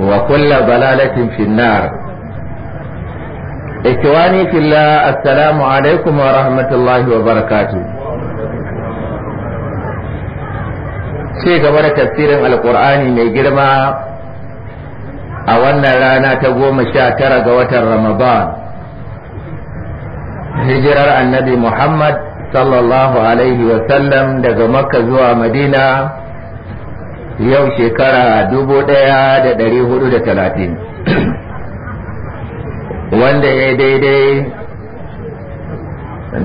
وكل ضلالة في النار إخواني في الله السلام عليكم ورحمة الله وبركاته sai gaba da tafsirin alkur'ani mai girma a wannan rana ta goma sha tara ga watan ramadan hijirar annabi muhammad sallallahu alaihi wasallam daga makka zuwa madina yau shekara dubu ɗaya da ɗari hudu da talatin wanda ya daidai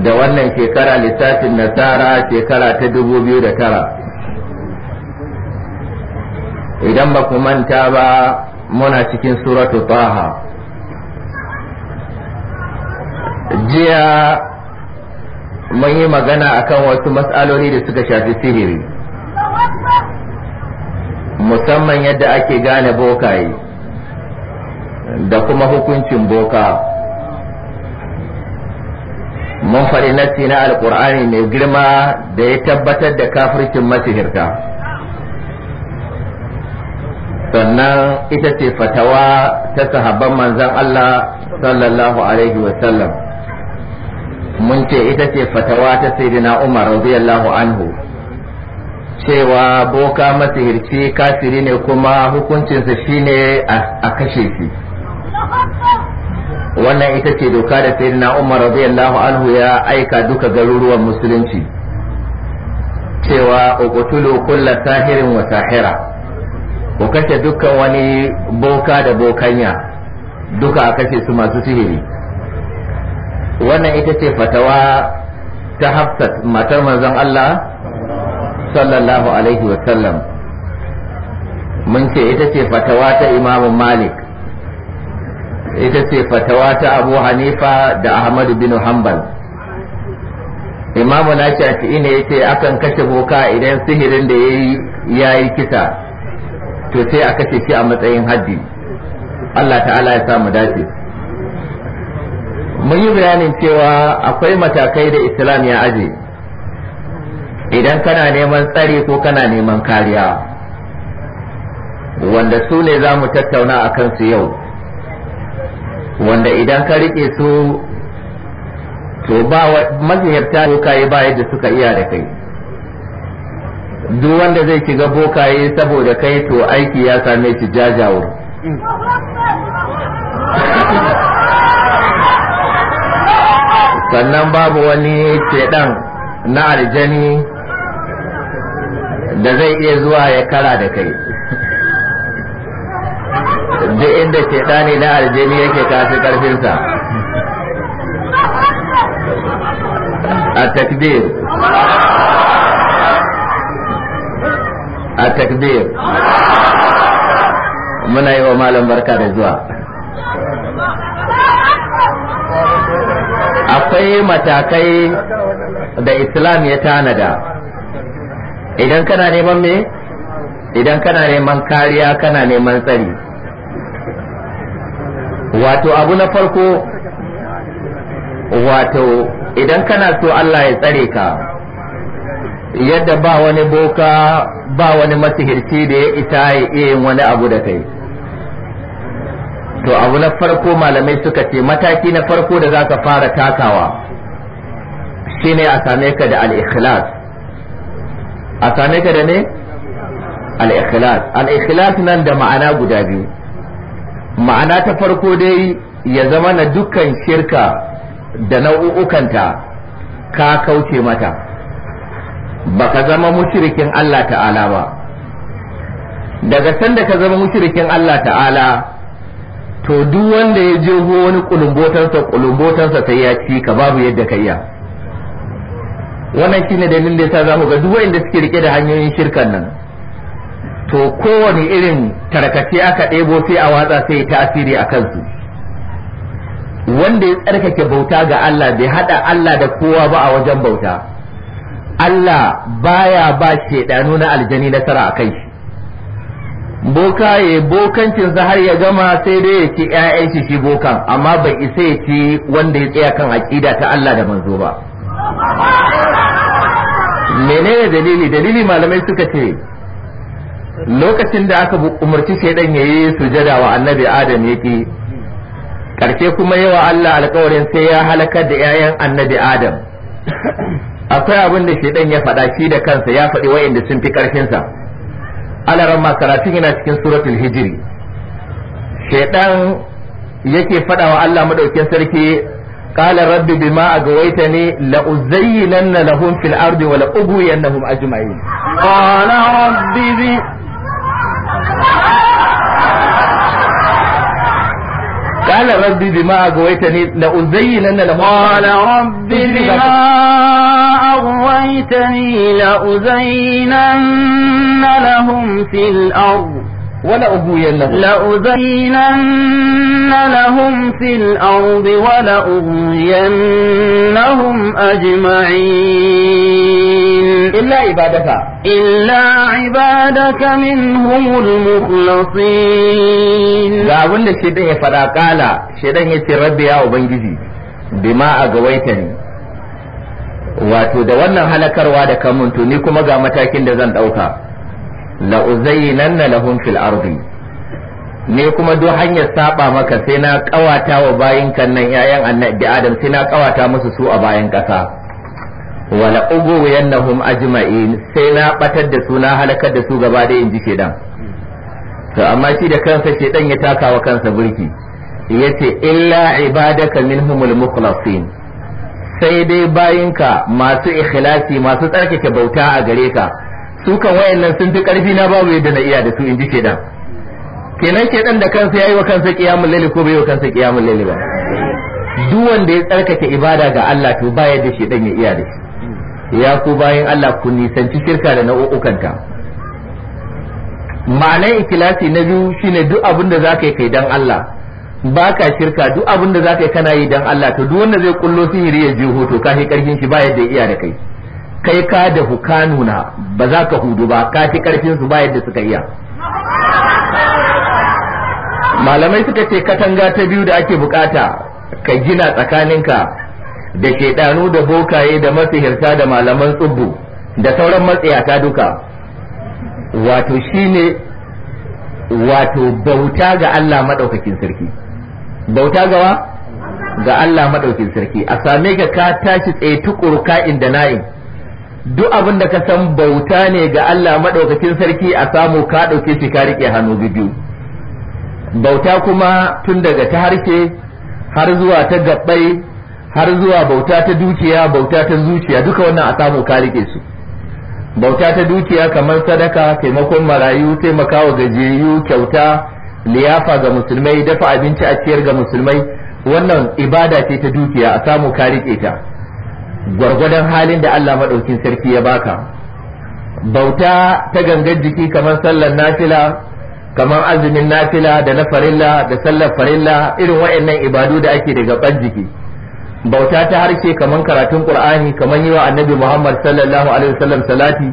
da wannan shekara littafin nasara shekara ta dubu biyu da tara idan ba ku manta ba muna cikin suratu taha jiya mun yi magana akan wasu matsaloli da suka shafi sihiri musamman yadda ake gane bokaye da kuma hukuncin boka mun faɗi nassi na alkur'ani mai girma da ya tabbatar da kafircin masihirta sannan ita ce fatawa ta sahabban manzan Allah sallallahu alaihi wasallam mun ce ita ce fatawa ta sayyidina Umar radiyallahu anhu cewa boka masihirci kafiri ne kuma hukuncinsa shine a kashe shi wannan ita ce doka da sayyidina umar radiyallahu anhu ya aika duka garuruwan musulunci cewa uqtulu kulla sahirin wa sahira ku kashe dukkan wani boka da bokanya duka a kashe su masu sihiri wannan ita ce fatawa ta hafsat matar manzon Allah sallallahu alaihi wa sallam mun ce ita ce fatawa ta imamu malik ita ce fatawa ta abu hanifa da ahmadu bin hanbal imamu na shafi'i ne ya ce akan kashe boka idan sihirin da ya yi kisa to sai a kashe shi a matsayin haddi allah ta'ala ya samu dace mun yi bayanin cewa akwai matakai da islam ya aje idan kana neman tsari ko kana neman kariya wanda su ne za mu tattauna a kansu yau wanda idan ka riƙe su to ba maziyarta bokaye baya da suka iya da kai duk wanda zai shiga bokaye saboda kai to aiki ya same shi jajawar. sannan babu wani shaidan na aljani da zai iya zuwa ya kara da kai duk inda shaidani na aljini yake kasu karfinsa a takbir a takbir muna yi wa malam barka da zuwa akwai matakai da islam ya tanada idan kana neman me idan kana neman kariya kana neman tsari wato abu na farko wato idan kana so Allah ya tsare ka yadda ba wani boka ba wani masihirci da ya ita ya iya yin wani abu da kai to abu na farko malamai suka ce mataki na farko da za ka fara takawa shine a same ka da al-ikhlas a same ka da ne al-ikhlas nan da ma'ana guda biyu ma'ana ta farko dai ya zama na dukkan shirka da nau'ukanta ka kauce mata baka zama mushrikin Allah ta'ala ba daga sanda ka zama mushrikin Allah ta'ala to duk wanda ya jeho wani kulumbotansa kulumbotansa sai ya ci ka babu yadda ka iya wannan shine dalilin da yasa zamu ga duk wanda suke rike da hanyoyin shirkan nan to kowane irin tarkace aka ɗebo sai a watsa sai ta asiri a kansu wanda ya tsarkake bauta ga Allah bai hada Allah da kowa ba a wajen bauta Allah baya ba shedanu nuna aljani nasara a kai boka ya bokancin sa har ya gama sai dai ya ci ƴaƴan shi shi bokan amma bai isa ya ci wanda ya tsaya kan aqida ta Allah da manzo ba Mene ne dalili dalili malamai suka ce lokacin da aka umarci shaidan yayi sujada wa annabi adam ya ke. karshe kuma yawa Allah alkawarin sai ya halakar da 'ya'yan annabi adam akwai abin da shaidan ya faɗa shi da kansa ya faɗi wa'inda sun fi ƙarfinsa alaran ma karatun yana cikin suratul hijiri shaidan yake faɗa wa Allah madaukin sarki قال رب بما أغويتني لأزينن لهم في الأرض ولأغوينهم أجمعين قال رب بي قال ربي بما أغويتني لأزينن لهم قال ربي بما أغويتني لأزينن لهم في الأرض ولأغوينهم لأزينن لهم في الأرض ولأغوينهم أجمعين إلا عبادك إلا عبادك منهم المخلصين لا أقول لك الشيطان فلا قال الشيطان يتي ربي أو بنجزي بما أقويتني wato da wannan halakarwa da kamun to ni kuma ga matakin da zan ɗauka la uzayyinanna lahum fil ardi ne kuma duk hanyar saba maka sai na kawata wa bayin kannan nan yayan annabi adam sai na kawata musu su a bayan kasa wala yannahum ajma'in sai na batar da su na halakar da su gaba da inji shedan to amma shi da kansa shedan ya taka wa kansa burki yace illa ibadaka minhumul mukhlasin sai dai bayinka masu ikhlasi masu tsarkake bauta a gare ka su kan wayannan sun fi karfi na babu yadda na iya da su inji shedan kenan shedan da kansa yayi wa kansa qiyamul layl ko bai wa kansa qiyamul layl ba duk wanda ya tsarkake ibada ga Allah to ba yadda dan ya iya da shi ya ku bayan Allah ku nisanci shirka da nau'ukanta ma'anar ikilasi na biyu shine duk abin da zaka yi kai dan Allah ba ka shirka duk abin da zaka yi kana yi dan Allah to duk wanda zai kullo sihiri ya ji hoto ka karfin shi ba yadda ya iya da kai kai ka da hukanuna ba za ka hudu ba ka fi karfin su ba yadda suka iya malamai suka ce katanga ta biyu da ake bukata ka gina tsakaninka da shedanu da bokaye da masihirta da malaman tsubbu da sauran matsiyata duka wato shine wato bauta ga Allah maɗaukakin sarki bauta gawa ga Allah maɗaukin sarki a same ka ka tashi tsaye tukuru ka'in da na'in duk abin da ka san bauta ne ga Allah maɗaukakin sarki a samu ka ɗauke shi ka riƙe hannu biyu bauta kuma tun daga ta harshe har zuwa ta gabbai har zuwa bauta ta dukiya bauta ta zuciya duka wannan a samu ka riƙe su bauta ta dukiya kamar sadaka taimakon marayu taimakawa gajiyayyu kyauta liyafa ga musulmai dafa abinci a ciyar ga musulmai wannan ibada ce ta dukiya a samu ka riƙe ta gwargwadon halin da Allah maɗaukin sarki ya baka bauta ta gangan jiki kamar sallar nafila kamar azumin nafila da na farilla da sallar farilla irin waɗannan ibadu da ake daga ban jiki bauta ta harshe kamar karatun qur'ani kamar yi wa annabi muhammad sallallahu alaihi wasallam salati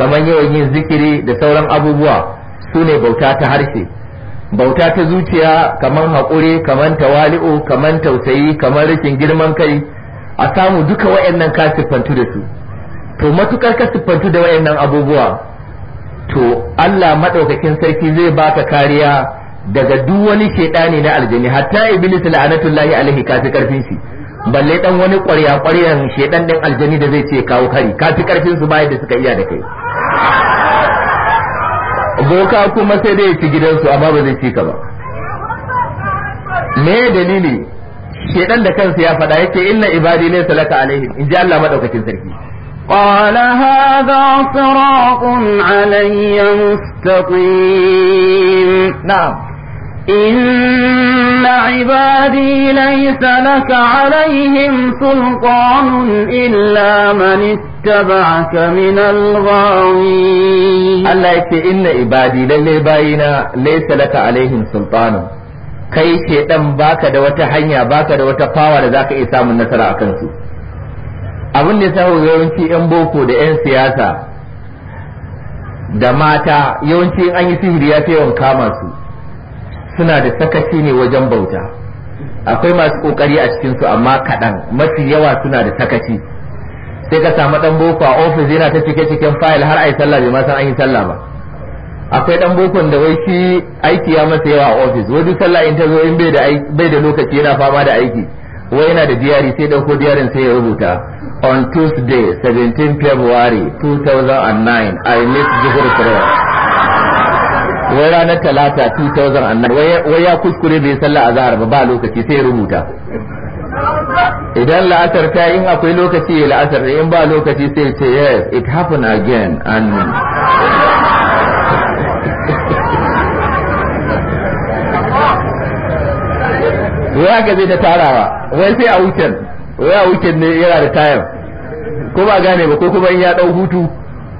kamar yawan yin zikiri da sauran abubuwa su ne bauta ta harshe bauta ta zuciya kamar haƙuri kamar tawali'u kamar tausayi kamar rikin girman kai a samu duka wayannan ka siffantu da su to matukar ka siffantu da wayannan abubuwa to Allah madaukakin sarki zai baka kariya daga duk wani shedani na aljini hatta iblis la'anatullahi alaihi kafi karfin shi balle dan wani ƙwarya ƙwaryan shedan din aljini da zai ce kawo kari fi karfin su bayan da suka iya da kai boka kuma sai dai ya ci gidansu amma ba zai ci ka ba me dalili shedan da kansa ya faɗa yake inna ibadi laysa laka alaihim in ji Allah madaukakin sarki قال هذا صراط علي مستقيم نعم إن عبادي ليس لك عليهم سلطان إلا من اتبعك من الغاوين الله يكفي إن عبادي للي باينا ليس لك عليهم سلطان kai dan baka da wata hanya baka da wata fawa da zaka iya samun nasara a kansu abin da ya yawanci yan boko da yan siyasa da mata yawanci an yi sihiri ya fi yawan kama su suna da sakaci ne wajen bauta akwai masu kokari a cikin su amma kaɗan mafi yawa suna da sakaci sai ka samu dan boko a ofis yana ta cike cikin fayil har ai sallah bai ma san an yi sallah ba akwai dan bokon da wai shi aiki ya masa yawa a ofis wani sallah in ta zo in bai da lokaci yana fama da aiki wai yana da diary sai dauko diarin sai ya rubuta on tuesday 17 february 2009 i met zuhur prayer wai ranar talata 2009 wai ya kuskure bai sallah zahar ba ba lokaci sai ya rubuta idan la'asar ta in akwai lokaci ya la'asar in ba lokaci sai ce yes it happened again and wai aka da ta tarawa wai sai a weekend wai a weekend ne yana da tayar ko ba gane ba ko kuma in ya dau hutu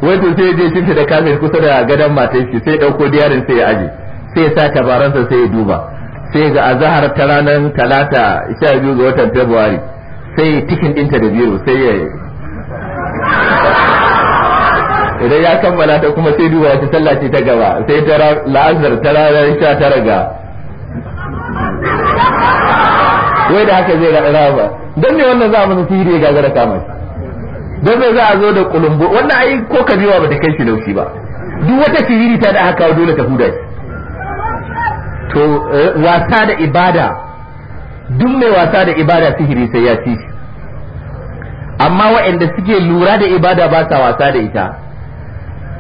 wai to sai je cinta da kamar kusa da gadon matan shi sai dauko diyarin sai ya aje sai ya sa tabaransa sai ya duba sai ga azahar ta ranar talata 12 ga watan february sai tikin dinta da biro sai ya idan ya kammala ta kuma sai duba ta sallah ce ta gaba sai ta la'azar ta ranar 19 ga wai da haka zai raɗa ba don ne wannan za mu na tiri ya gagara kama shi don ne za a zo da kulumbu wannan ai ko kabewa ba ta kai shi laushi ba duk wata firiri ta da haka dole ta huda shi to eh, wasa da ibada duk mai wasa da ibada sihiri sai ya ci shi amma waɗanda suke lura da ibada ba sa wasa da ita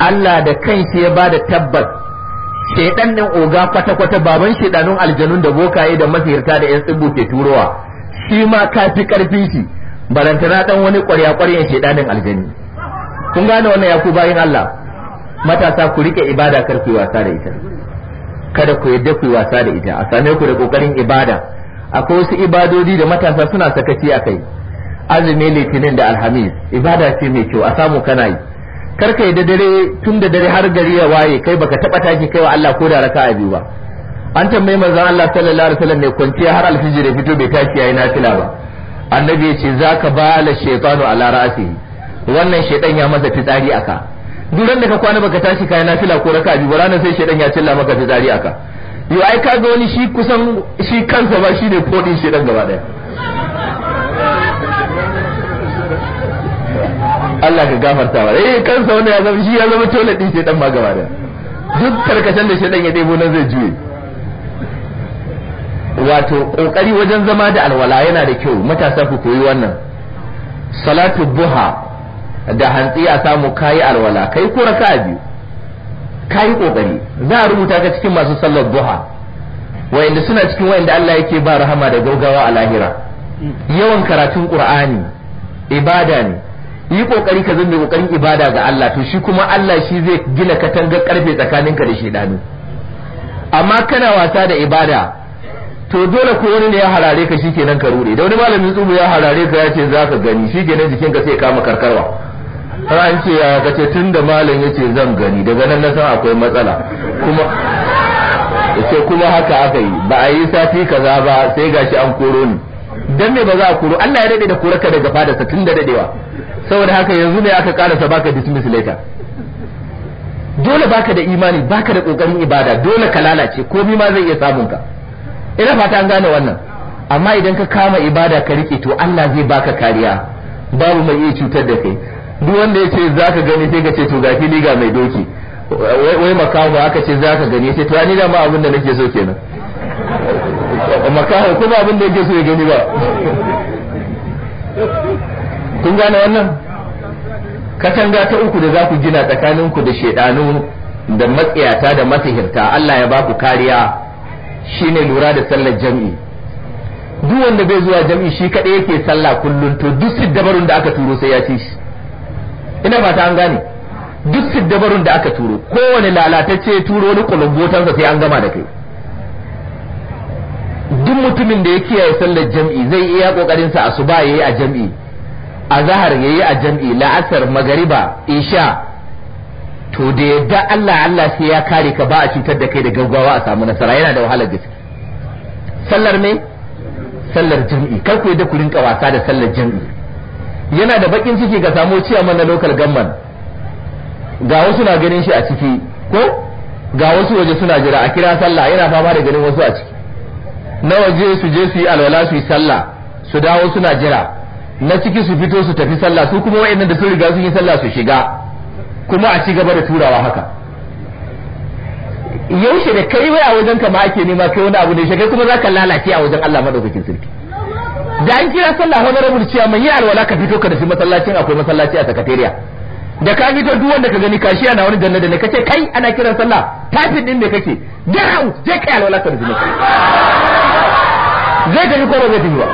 Allah da kanshi ya ba da tabbas shaidan din oga kwata kwata baban shaidanun aljanun da bokaye da mafiyarta da yan tsibbu ke turowa shi ma ka fi karfin shi barantana dan wani ƙwarya ƙwaryan shaidanin aljani kun gane wannan yaku bayan bayin Allah matasa ku rike ibada kar ku wasa da ita kada ku yadda ku wasa da ita a same ku da kokarin ibada akwai wasu ibadodi da matasa suna sakaci a kai azumi litinin da alhamis ibada ce mai kyau a samu kana yi kar ka da dare tun da dare har gari ya waye kai baka taba tashi kai wa Allah ko da a biyu ba an tambayi manzon Allah sallallahu alaihi wasallam mai kwanciya har alfijir ya fito bai tashi yayi nafila ba annabi ya ce zaka bala shaytanu ala ra'sihi wannan shaytan ya masa fitsari aka duran da ka kwana baka tashi kai nafila ko a biyu ranar sai shaytan ya cilla maka fitsari aka yo ai kaga wani shi kusan shi kansa ba shi ne kodin shaytan gaba daya Allah ka gafarta wa eh kansa wanda ya zama shi ya zama tole din dan ma gaba da duk karkashin da shedan ya debo nan zai juye wato kokari wajen zama da alwala yana da kyau matasa ku koyi wannan salatu buha da hantsi a samu kayi alwala kai ko raka'a biyu kayi kokari za a rubuta ka cikin masu sallar duha wayanda suna cikin da Allah yake ba rahama da gaugawa a lahira yawan karatun qur'ani ibada ne yi kokari ka zama kokarin ibada ga Allah to shi kuma Allah shi zai gina katangar karfe tsakaninka da shedanu amma kana wasa da ibada to dole ko wani ne ya harare ka shikenan ka rure da wani malamin tsubu ya harare ka ya ce za ka gani shikenan jikinka sai kama karkarwa har an ce ya kace tun da malam yace zan gani daga nan na san akwai matsala kuma yace kuma haka aka yi ba a yi sati kaza ba sai gashi an koro ni dan me ba za a koro Allah ya dade da koraka daga fada sa tun da dadewa saboda haka yanzu ne aka karasa baka dismiss later dole baka da imani baka da kokarin ibada dole ka lalace komai ma zai iya samun ka ina fata an gane wannan amma idan ka kama ibada ka rike to Allah zai baka kariya babu mai iya cutar da kai duk wanda ya ce za ka gani sai ka ce to ga fili mai doki wai makamu aka ce za gani sai to ni da ma abin da nake so kenan ka ko ba abin da yake su ya gani ba kun gane wannan katanga ta uku da za ku gina tsakaninku da shaidanu da matsiyata da matahirta Allah ya ba ku kariya shine lura da sallar jam'i duk wanda bai zuwa jam'i shi kaɗai yake sallah kullum to duk siddabarun da aka turo sai ya ci shi ina fata an gane duk siddabarun da aka turo kowane lalatacce turo wani kulumbotansa sai an gama da kai duk mutumin da ya kiyaye sallar jam'i zai iya kokarin sa asuba yayi a jam'i zahar yayi a jam'i la'asar magariba isha to da yadda Allah Allah sai ya kare ka ba a cutar da kai da gaggawa a samu nasara yana da wahalar gaske sallar me sallar jam'i kar ku yadda ku rinka wasa da sallar jam'i yana da bakin ciki ga samu ciyaman mana local government ga wasu na ganin shi a ciki ko ga wasu waje suna jira a kira sallah yana fama da ganin wasu a ciki na waje su je su yi alwala su yi sallah su dawo suna jira na ciki su fito su tafi sallah su kuma wa'annan da sun riga sun yi sallah su shiga kuma a ci gaba da turawa haka yaushe da kai wai a wajen ka ma ake nema kai wani abu ne shekai kuma za ka lalace a wajen Allah madaukakin sarki da an kira sallah honorable cewa mun yi alwala ka fito ka da shi masallacin akwai masallaci a sakatariya da ka fito duk wanda ka gani kashi ana wani da ne kace kai ana kiran sallah tafin din ne kake get je kai alwala ta rubuta zai tafi ko zai tafi ba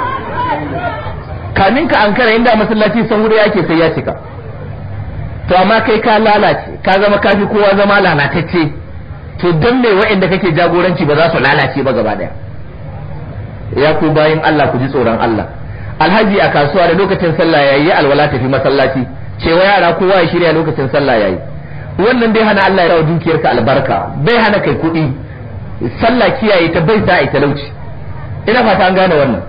kamin ka ankara inda masallaci san wuri yake sai ya cika to amma kai ka lalace ka zama kafi kowa zama lalatacce to dan me wa'anda kake jagoranci ba za su lalace ba gaba daya ya ku bayin Allah ku ji tsoron Allah alhaji a kasuwa da lokacin sallah yayi alwala tafi masallaci cewa yara kowa ya shirya lokacin sallah yayi wannan bai hana Allah ya rawa dukiyarka albarka bai hana kai kuɗi sallah kiyaye ta bai sa talauci ina fata an gane wannan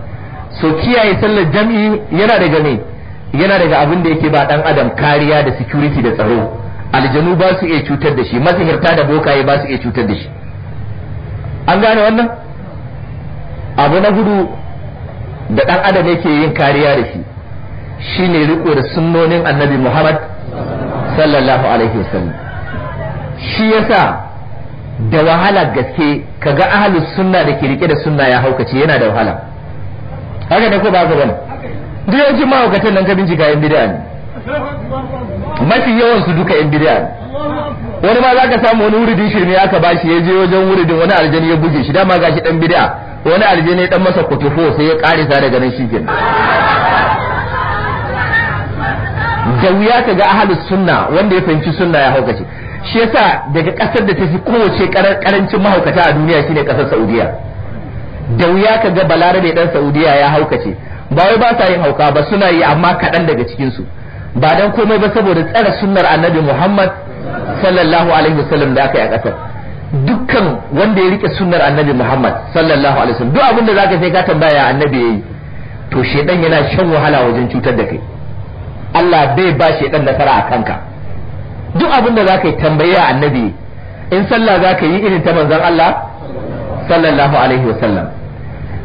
so kiyaye sallar jam'i yana daga ne yana daga abin da yake ba dan adam kariya da security da tsaro aljanu ba su iya cutar da shi mazhirta da bokaye ba su iya cutar da shi an gane wannan abu na hudu da dan adam yake yin kariya da shi Shi ne riko da sunnonin annabi Muhammad sallallahu alaihi wasallam shi yasa da wahala gaske kaga ahlus sunna da ke rike da sunna ya haukace yana da wahala haka ne ko ba ka bane duk yawancin mahaukatan nan ka bincika yan bid'a ne mafi yawan su duka yan bid'a ne wani ma zaka samu wani wuridin shirme aka ba shi ya je wajen wuridin wani aljani ya buge shi dama gashi dan bid'a wani aljani ya dan masa kutufo sai ya karisa daga nan shi kenan da wuya ka ga ahalus sunna wanda ya fahimci sunna ya haukace shi yasa daga kasar da ta fi kowace karancin mahaukata a duniya shine kasar Saudiya da wuya ka ga balarabe dan Saudiya ya haukace ba wai ba sa yin hauka ba suna yi amma kaɗan daga cikin su ba dan komai ba saboda tsara sunnar Annabi Muhammad sallallahu alaihi wasallam da aka yi a kasar dukkan wanda ya rike sunnar Annabi Muhammad sallallahu alaihi wasallam duk abin da zaka sai ka tambaya Annabi yi to shedan yana shan wahala wajen cutar da kai Allah bai ba shi shaidan nasara a kanka duk abin da zaka yi tambaye annabi in sallah zaka yi irin ta manzon Allah sallallahu alaihi wasallam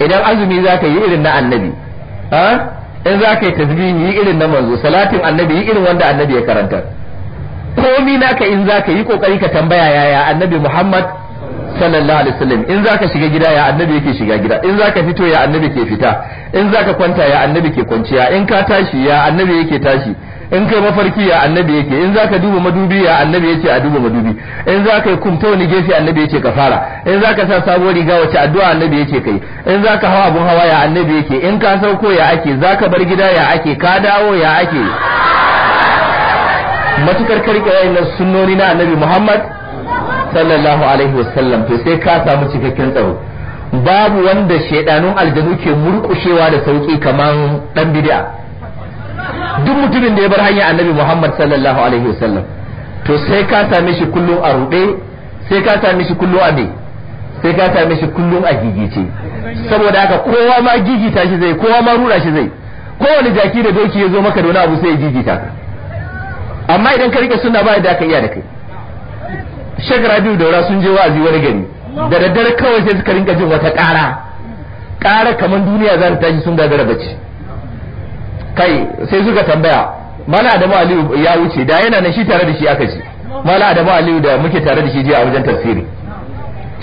idan azumi zaka yi irin na annabi in zaka yi tasbihi yi irin na manzo salatin annabi yi irin wanda annabi ya karanta komi naka in zaka yi kokari ka tambaya yaya annabi Muhammad sallallahu alaihi wasallam in zaka shiga gida ya annabi yake shiga gida in zaka fito ya annabi ke fita in zaka kwanta ya annabi ke kwanciya in ka tashi ya annabi yake tashi in kai mafarki ya annabi yake in zaka duba madubi ya annabi yace a duba madubi in zaka yi kumta wani gefe annabi yace ka fara in zaka sa sabuwar riga wace addu'a annabi yace kai in zaka hawa abun hawa ya annabi yake in ka sauko ya ake zaka bar gida ya ake ka dawo ya ake matukar karkare nan sunnoni na annabi Muhammad sallallahu alaihi wasallam to sai ka samu cikakken tsaro babu wanda shaidanun aljanu ke murkushewa da sauki kaman dan bid'a duk mutumin da ya bar hanyar annabi Muhammad sallallahu alaihi wasallam to sai ka same shi kullum a ruɗe sai ka same shi kullum a me sai ka same shi kullum a gigice saboda haka kowa ma gigita shi zai kowa ma rura shi zai kowane jaki da doki ya zo maka da wani abu sai ya gigita amma idan ka rike suna ba da ka iya da kai shek rabiu daura sun je wa'azi wani gari da daddare kawai sai suka rinka jin wata ƙara ƙara kamar duniya za ta tashi sun gagara bace kai sai suka tambaya mala adamu aliyu ya wuce da yana nan shi tare da shi aka ce mala adamu aliyu da muke tare da shi je a wajen tafsiri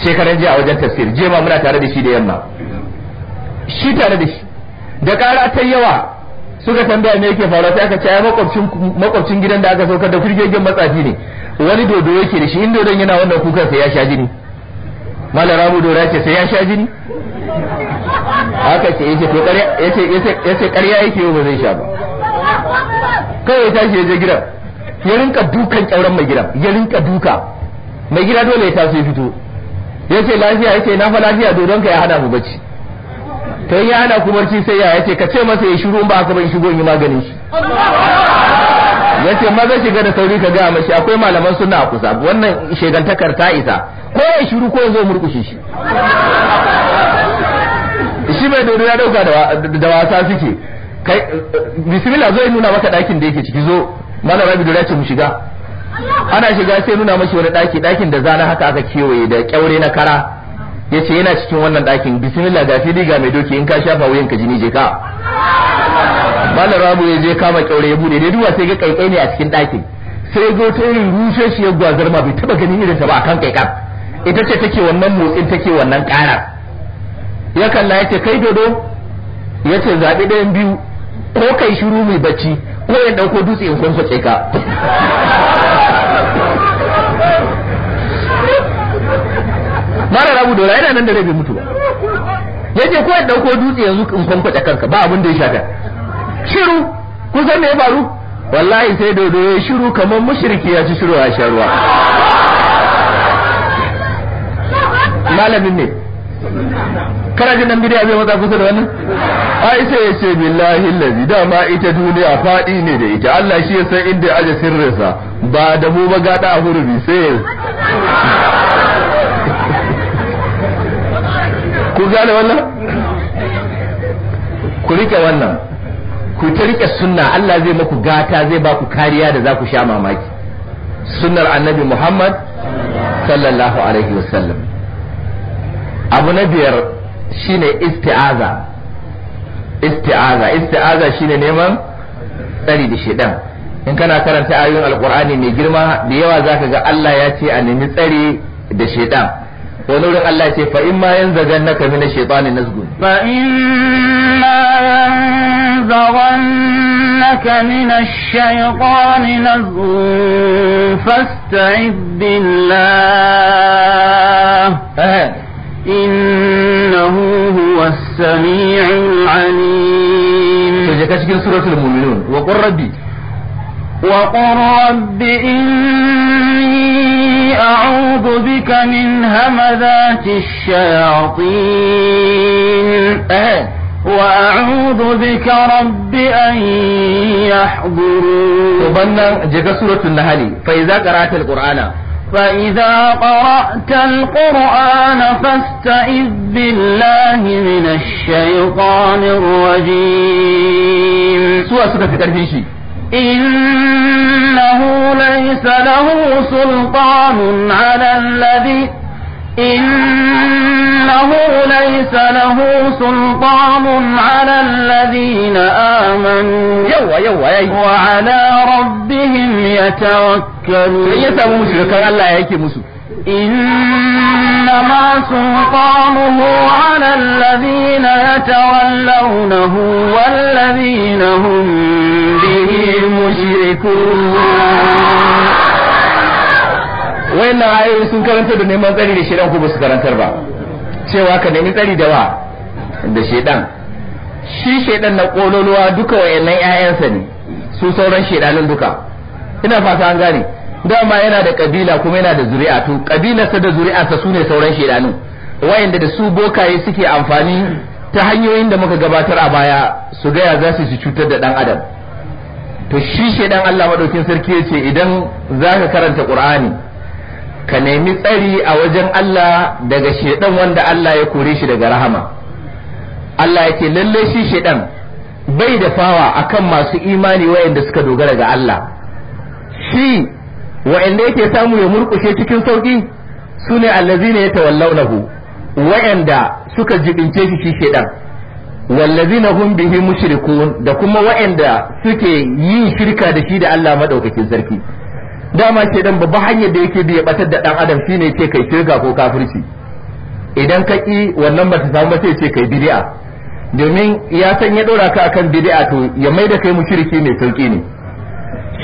shekaran jiya a wajen tafsiri je ma muna tare da shi da yamma shi tare da shi da ƙara ta yawa suka tambaya me yake faruwa sai aka ce ai makwabcin makwabcin gidan da aka saukar da kurgegen matsafi ne wani dodo yake da shi in dodon yana wannan kukan sai ya sha jini mala rabu dodo ce sai ya sha jini haka ce yace to ƙarya yace yace ƙarya yake yau ba zai sha ba kai ya tashi ya je gidan ya rinka dukan kyauran mai gidan ya rinka duka mai gida dole ya fito ya fito yace lafiya yace na fa lafiya dodon ka ya hana mu bacci to ya hana ku barci sai ya yace ka ce masa ya shiru ba haka ban shigo in yi maganin shi yace maza shiga da sauri ka gaya mashi akwai malaman suna kusa wannan shegantakar ta isa ko ya shiru ko ya zo murkushe shi shi bai ya dauka da wasa suke kai bismillah zo nuna maka dakin da yake ciki zo malama bi dora ce mu shiga ana shiga sai nuna mashi wani daki dakin da zana haka aka kewaye da kyaure na kara yace yana cikin wannan dakin bismillah ga fili ga mai doki in ka shafa wuyan ka jini je ka malam rabu ya je kama kyaure ya bude da duwa sai ga kaikai ne a cikin ɗakin sai zo ta irin rushe shi ya gwazar ma bai taba ganin irin ta ba kan kaikar ita ce take wannan motsin take wannan ƙara ya kalla ya ce kai dodo ya ce zaɓi ɗayan biyu ko kai shiru mai bacci ko ya ɗauko dutse in kwankwace ka mara rabu dora yana nan da rabi mutu ba ya ce ko ya ɗauko dutse yanzu in kwankwace kanka ba abin da ya shafa shiru ku san me ya faru wallahi sai dodo ya shiru kamar mushriki ya ci shiru a sharuwa malamin ne kana jin nan bidiya bai maza kusa da wannan ai sai ya ce billahi allazi dama ita duniya fadi ne da ita Allah shi ya san inda aje sirrinsa ba da mu ba gada a hurubi sai ku gane wannan ku rike wannan ku ta rike sunna Allah zai maku gata zai ba ku kariya da za ku sha mamaki sunnar annabi Muhammad sallallahu alaihi wasallam abu na biyar shine isti'aza isti'aza isti'aza shine neman tsari da shedan in kana karanta ayoyin alqur'ani mai girma da yawa zaka ga Allah ya ce a nemi tsari da shedan wani wurin Allah ce fa imma zagan naka min ash-shaytani nazgun fa imma naka min ash-shaytani nazgun fasta'id billah innahu huwas sami'ul alim إنه هو السميع suratul mu'minun wa qur rabbi wa qur rabbi إني أعوذ بك من همذات الشياطين وأعوذ بك رب أن يحضرون وبنا جك سورة النهل فإذا قرأت القرآن فإذا قرأت القرآن فاستعذ بالله من الشيطان الرجيم سورة سورة الكرفيشي إنه ليس له سلطان على الذي إنه ليس له سلطان على الذين آمنوا يوا يوا وعلى ربهم يتوكلون يسمو شركا الله يكي مسو إنما سلطانه على الذين يتولونه والذين هم wayannan ayoyi sun karanta da neman tsari da shedan ko ba su karantar ba cewa ka nemi tsari da wa da shi shaidan na kololuwa duka wayannan ƴaƴansa ne su sauran shaidanin duka ina fata an gane dama yana da kabila kuma yana da zuri'a to kabilarsa da zuri'arsa su ne sauran shaidanin wayanda da su bokaye suke amfani ta hanyoyin da muka gabatar a baya su gaya za su cutar da ɗan adam to shi shedan Allah madaukin sarki yace idan zaka karanta Qur'ani ka nemi tsari a wajen Allah daga shedan wanda Allah ya kore shi daga rahama Allah yake lalle shi shedan bai da fawa akan masu imani wayanda suka dogara ga Allah shi wayanda yake samu ya murkushe cikin sauki sune allazina yatawallawnahu wayanda suka jibince shi shi shedan والذين هم به مشركون da kuma waɗanda suke yin shirka da shi da Allah madaukakin sarki dama ce dan babba hanyar da yake bi ya batar da dan adam shine ce kai shirka ko kafirci idan ka ki wannan ba ta samu sai ce kai bid'a domin ya san ya dora ka akan bid'a to ya mai da kai mushriki mai sauki ne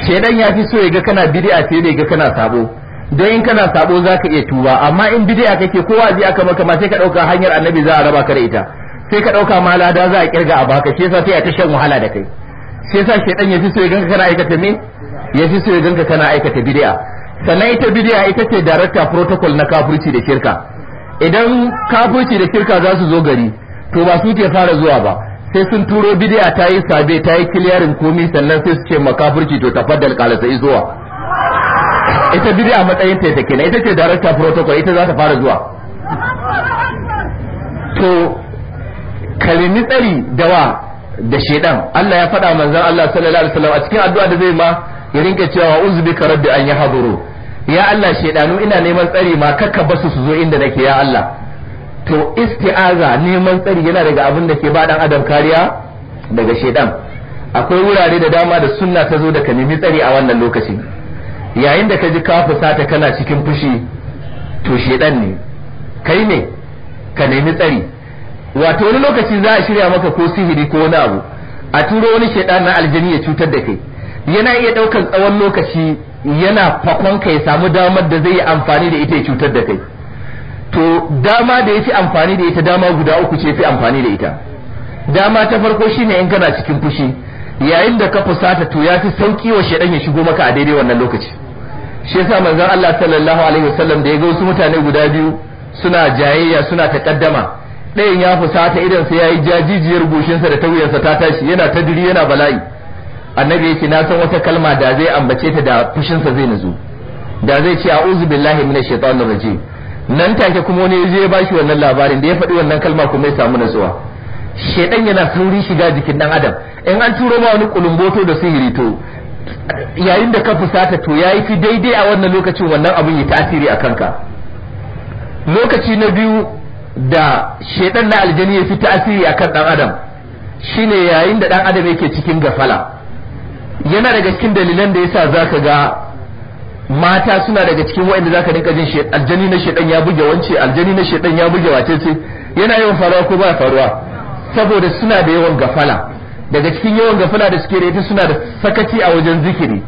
shedan ya fi so ya ga kana bid'a sai da ga kana sabo don in kana sabo zaka iya tuba amma in bid'a kake kowa zai aka maka ma sai ka dauka hanyar annabi za a raba ka da ita sai ka ɗauka ma lada za a kirga a baka shi yasa sai a ta shan wahala da kai shi yasa shedan ya so ya ganka kana aikata me ya so ya ganka kana aikata bid'a sannan ita bid'a ita ce director protocol na kafirci da shirka idan kafirci da shirka za su zo gari to ba su ke fara zuwa ba sai sun turo bid'a ta yi sabe ta yi clearin komi sannan sai su ce ma kafirci to tafaddal kalasa zuwa ita bid'a matsayin ta take ita ce director protocol ita za ta fara zuwa to kalmi tsari da wa da shaidan. Allah ya faɗa manzon Allah sallallahu alaihi wasallam a cikin addu'a da zai ma ya rinka cewa ka rabbi an yahduru ya Allah shaidanu ina neman tsari ma kakka basu su zo inda nake ya Allah to isti'aza neman tsari yana daga abin da ke ba dan adam kariya daga shaidan. akwai wurare da dama da sunna ta zo da ka nemi tsari a wannan lokacin. yayin da ka ji ka fusata kana cikin fushi to shaidan ne kai ne ka nemi tsari wato wani lokaci za a shirya maka ko sihiri ko wani abu a turo wani shaidan na aljini ya cutar da kai yana iya daukan tsawon lokaci yana fakon ka ya samu damar da zai yi amfani da ita ya cutar da kai to dama da ya fi amfani da ita dama guda uku ce fi amfani da ita dama ta farko shine in kana cikin fushi yayin da ka fusata to ya fi sauki wa shaidan ya shigo maka a daidai wannan lokaci shi yasa manzon Allah sallallahu alaihi wasallam da ya ga wasu mutane guda biyu suna jayayya suna takaddama ɗayan ya fusata idan sai yayi jajijiyar goshinsa da sa ta tashi yana ta diri yana bala'i annabi yake na san wata kalma da zai ambace ta da fushinsa zai nazo da zai ce a'udhu billahi minash shaitanir rajim nan take kuma wani yaje ya bashi wannan labarin da ya faɗi wannan kalma kuma ya samu natsuwa shedan yana saurin shiga jikin dan adam in an turo ma wani kulumboto da sihiri to yayin da ka fusata to yayi fi daidai a wannan lokacin wannan abun ya tasiri a kanka lokaci na biyu da shedan na aljani ya fi tasiri kan dan adam shine yayin da dan adam yake cikin gafala yana daga cikin dalilan da yasa ka ga mata suna daga cikin za ka dinka jin aljani na shedan ya buge wance aljani na shedan ya buge wace ce yana yawan faruwa ko ba faruwa saboda suna da yawan gafala daga cikin yawan gafala da suke da ita suna da sakaci a wajen zikiri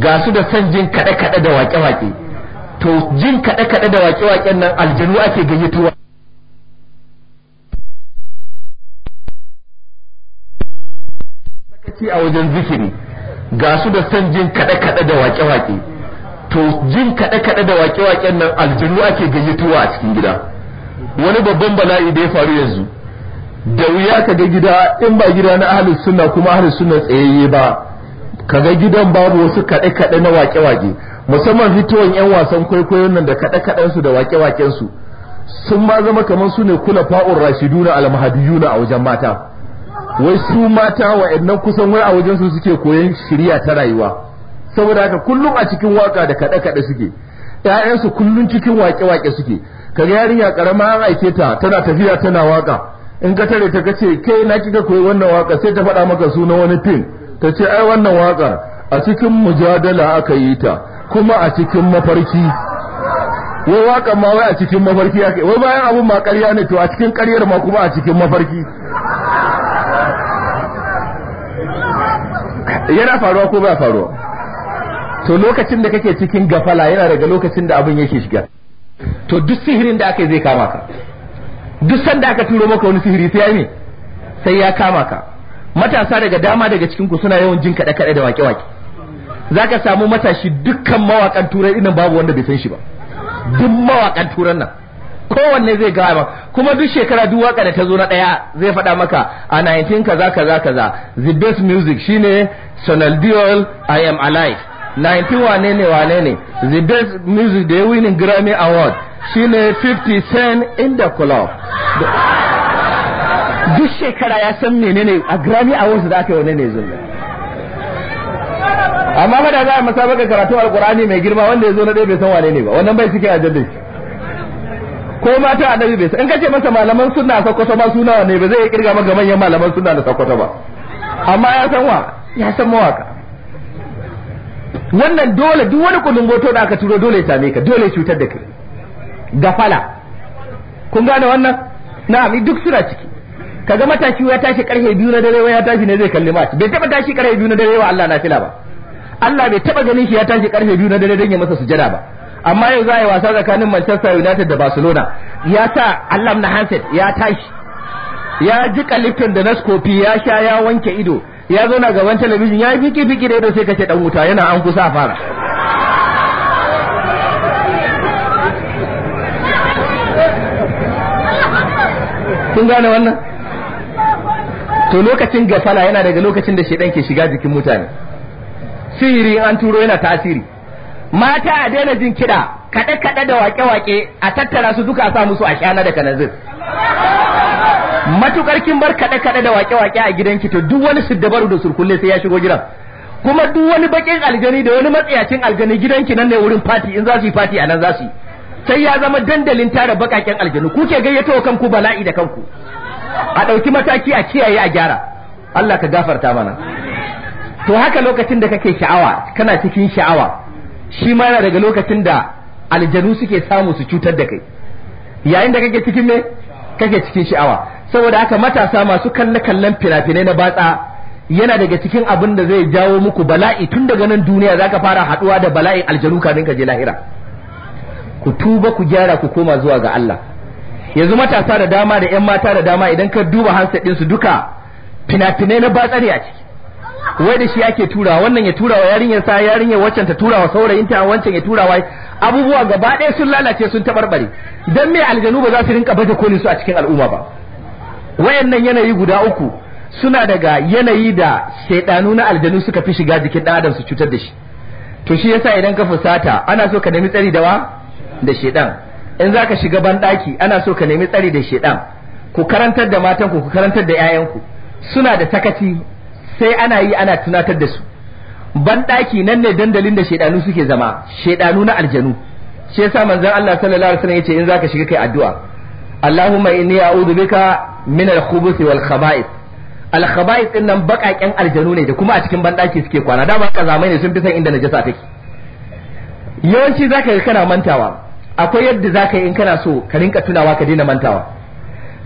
ga su da son jin kaɗe-kaɗe da wake-wake to jin kaɗe-kaɗe da wake waƙen nan aljanu ake gayyatowa bacci a wajen zikiri ga su da san jin kaɗe-kaɗe da waƙe-waƙe to jin kaɗe-kaɗe da waƙe-waƙen nan aljinu ake gayyatuwa a cikin gida wani babban bala'i da ya faru yanzu da wuya ka ga gida in ba gida na ahli sunna kuma ahli sunna tsayayye ba kaga gidan babu wasu kaɗe-kaɗe na waƙe-waƙe musamman fitowar 'yan wasan kwaikwayon nan da kaɗe-kaɗen su da waƙe-waƙen su sun ma zama kamar su ne kula fa'ur rashiduna almahadiyuna a wajen mata wai su mata wa wa'annan kusan wai a wajen su suke koyon shirya ta rayuwa saboda haka kullum a cikin waka da kaɗe kaɗe suke ƴaƴansu kullum cikin wake wake suke kaga yarinya karama an aike ta tana tafiya tana waka in ka tare ta kace kai na kika koyi wannan waka sai ta faɗa maka suna wani fim ta ce ai wannan waka a cikin mujadala aka yi ta kuma a cikin mafarki wai waka ma wai a cikin mafarki ake wai bayan abun ma ƙarya ne to a cikin ƙaryar ma kuma a cikin mafarki yana faruwa ko ba faruwa to lokacin da kake cikin gafala yana daga lokacin da abin yake shiga to duk sihirin da aka yi zai kama ka duk sanda aka turo maka wani sihiri sai yayi sai ya kama ka matasa daga dama daga cikin ku suna yawan jin kaɗe kada da wake wake zaka samu matashi dukkan mawakan turai dinnan babu wanda bai san shi ba duk mawakan turan nan kowanne zai gaya kuma duk shekara duk waka da ta zo na ɗaya zai faɗa maka a 19 kaza kaza kaza the best music shine Sonal Diol I am alive 19 wane ne wane ne the best music da ya winning Grammy award shine 50 cent in the club duk shekara ya san menene a Grammy awards da aka yi wani ne zulla amma fa da za a masa musabaka karatu alqur'ani mai girma wanda ya zo na ɗaya bai san wane ne ba wannan bai cike a ajandar ko mata annabi bai san in kace masa malaman sunna a kwata ma suna ne ba zai kirga maka manyan malaman sunna da sakkwato ba amma ya san wa ya san mawaka wannan dole duk wani kudin da aka turo dole ya same ka dole ya cutar da kai gafala kun gane wannan na'am duk suna ciki kaga matashi ya tashi karfe biyu na dare ya tashi ne zai kalli mace bai taba tashi karfe biyu na dare wa Allah na fila ba Allah bai taba ganin shi ya tashi karfe biyu na dare don ya masa sujada ba amma yau za a yi wasa tsakanin Manchester United da Barcelona ya sa Allah na Hanset ya tashi ya ji Lipton da Nascofi ya sha ya wanke ido ya zo na gaban talabijin ya fiki fiki da ido sai kace dan wuta yana an kusa fara kun gane wannan to lokacin gafala yana daga lokacin da shedan ke shiga jikin mutane sihiri an turo yana tasiri mata a daina jin kiɗa kaɗe kaɗe da wake wake a tattara su duka a sa musu a shana da kanazir matukar kin bar kaɗe kaɗe da wake wake a gidanki to duk wani siddabaru da surkulle sai ya shigo gidan kuma duk wani bakin aljani da wani matsiyacin aljani gidanki nan ne wurin fati in za su yi fati a nan za su yi sai ya zama dandalin tara bakaken aljanu kuke gayyato kanku bala'i da kanku a ɗauki mataki a kiyaye a gyara Allah ka gafarta mana to haka lokacin da kake sha'awa kana cikin sha'awa shi ma yana daga lokacin da aljanu suke samu su cutar da kai yayin da kake cikin me kake cikin sha'awa saboda haka matasa masu kalle kallon fina-finai na batsa yana daga cikin abin da zai jawo muku bala'i tun daga nan duniya za ka fara haɗuwa da bala'in aljanu kafin ka je lahira ku tuba ku gyara ku koma zuwa ga Allah yanzu matasa da dama da 'yan mata da dama idan ka duba hansa ɗinsu duka fina-finai na batsa ne a ciki wai da shi ake turawa wannan ya turawa yarinyar sa yarinyar waccan ta turawa saurayin ta wancan ya turawa abubuwa gaba ɗaya sun lalace sun tabarbare dan me aljanu ba za su rinka baje kolin su a cikin al'umma ba wayannan yanayi guda uku suna daga yanayi da shaidanu na aljanu suka fi shiga jikin ɗan adam su cutar da shi to shi yasa idan ka fusata ana so ka nemi tsari da wa da shaidan in zaka shiga ban daki ana so ka nemi tsari da shaidan ku karantar da matanku ku karantar da 'ya'yanku suna da sakaci sai ana yi ana tunatar da su banɗaki nan ne dandalin da shaidanu suke zama shaidanu na aljanu shi yasa manzon Allah sallallahu alaihi wasallam yace in zaka shiga kai addu'a Allahumma inni a'udhu bika min al-khubuthi wal khaba'ith al-khaba'ith din nan bakaken aljanu ne da kuma a cikin banɗaki suke kwana da ba kazamai ne sun fi san inda najasa take yawanci zaka ga kana mantawa akwai yadda zaka yi in kana so ka rinka tunawa ka daina mantawa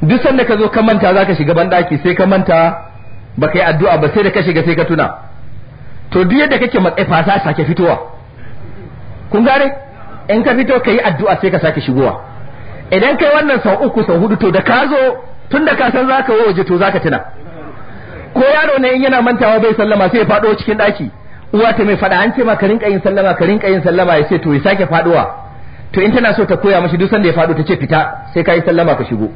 duk sanda ka zo ka manta zaka shiga banɗaki sai ka manta ba kai addu'a ba sai da ka shiga sai ka tuna to duk yadda kake matsayi sa sake fitowa kun gare in ka fito kai addu'a sai ka sake shigowa idan kai wannan sau uku sau hudu to da ka zo tun da ka san zaka waje to zaka tuna ko yaro ne in yana mantawa bai sallama sai ya fado cikin daki uwa ta mai faɗa an ce ma ka rinka yin sallama ka rinka yin sallama ya ce to ya sake faɗuwa to in tana so ta koya mashi duk sanda ya fado ta ce fita sai ka yi sallama ka shigo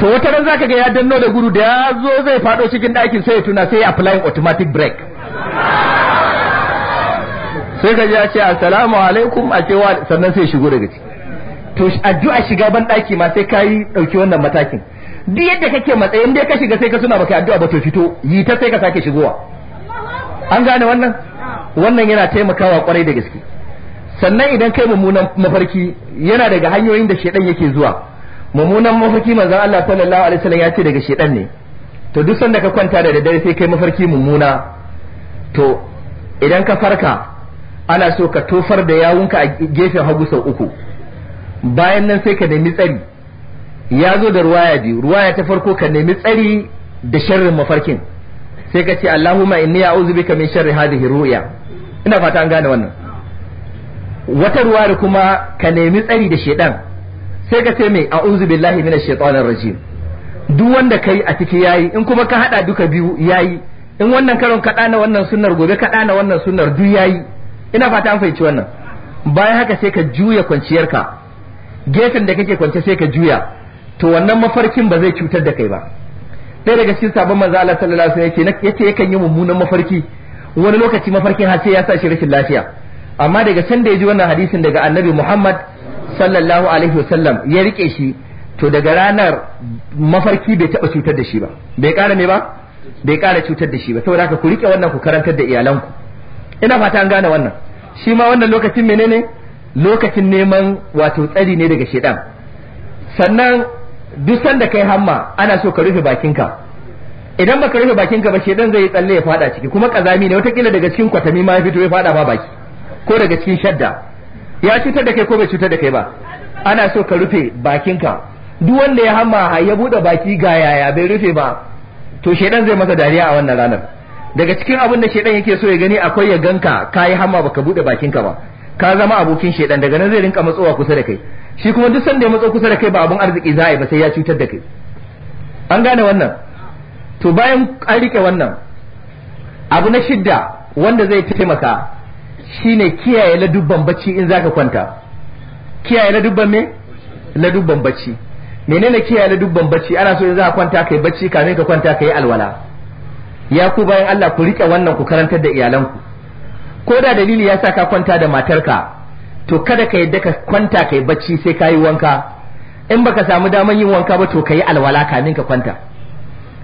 to wata ran zaka ga ya danno da gudu da ya zo zai fado cikin ɗakin sai ya tuna sai ya apply automatic break. sai ka ya ce assalamu alaikum a cewa sannan sai shigo daga ciki to addu'a shiga ban ɗaki ma sai kayi ɗauki wannan matakin duk yadda kake matsayin dai ka shiga sai ka suna maka addu'a ba to fito yi ta sai ka sake shigowa an gane wannan wannan yana taimakawa kwarai da gaske sannan idan kai mummunan mafarki yana daga hanyoyin da shedan yake zuwa mummunan mafarki manzon Allah sallallahu alaihi wasallam ya ce daga shedan ne to duk sanda ka kwanta da daddare sai kai mafarki mummuna to idan ka farka ana so ka tofar da yawunka a gefen hagu sau uku bayan nan sai ka nemi tsari ya zo da ruwaya biyu ruwaya ta farko ka nemi tsari da sharrin mafarkin sai ka ce Allahumma inni a'udhu bika min sharri hadhihi ru'ya ina fata an gane wannan wata ruwaya kuma ka nemi tsari da shedan sai ka ce mai a'udhu billahi minash shaitanir rajim duk wanda ka yi a ciki yayi in kuma ka hada duka biyu yayi in wannan karon ka dana wannan sunnar gobe ka dana wannan sunnar duk yayi ina fata an fahimci wannan bayan haka sai ka juya kwanciyarka gefen da kake kwance sai ka juya to wannan mafarkin ba zai cutar da kai ba ɗaya daga cikin sabon manzo Allah sallallahu alaihi wasallam yace yakan yi mummunan mafarki wani lokaci mafarkin har sai ya sa shi rashin lafiya amma daga can da ya ji wannan hadisin daga annabi Muhammad sallallahu alaihi wasallam ya rike shi to daga ranar mafarki bai taba cutar da shi ba bai kara me ba bai kara cutar da shi ba saboda haka ku rike wannan ku karantar da iyalanku ina fata an gane wannan shi ma wannan lokacin menene lokacin neman wato tsari ne daga shedan sannan duk sanda kai hamma ana so ka rufe bakinka idan baka rufe bakinka ba shedan zai tsalle ya fada ciki kuma kazami ne watakila daga cikin kwatami ma ya fito ya fada ba baki ko daga cikin shadda ya cutar da kai ko bai cutar da kai ba ana so ka rufe bakinka duk wanda ya hama ya bude baki ga yaya bai rufe ba to shedan zai masa dariya a wannan ranar daga cikin abin da shedan yake so ya gani akwai ya ganka kai hama baka bude bakinka ba ka zama abokin shedan daga nan zai rinka matsowa kusa da kai shi kuma duk sanda ya matso kusa da kai ba abun arziki za a ba sai ya cutar da kai an gane wannan to bayan an rike wannan abu na shidda wanda zai taimaka shine kiyaye ladubban bacci in zaka kwanta kiyaye ladubban me ladubban bacci menene kiyaye ladubban bacci ana so in za ka kwanta kai bacci kamin ka kwanta kai alwala ya ku bayan Allah ku rike wannan ku karantar da iyalanku ko da dalili ya sa ka kwanta da matarka to kada ka yadda ka kwanta kai bacci sai ka yi wanka in baka samu daman yin wanka ba to ka yi alwala kamin ka kwanta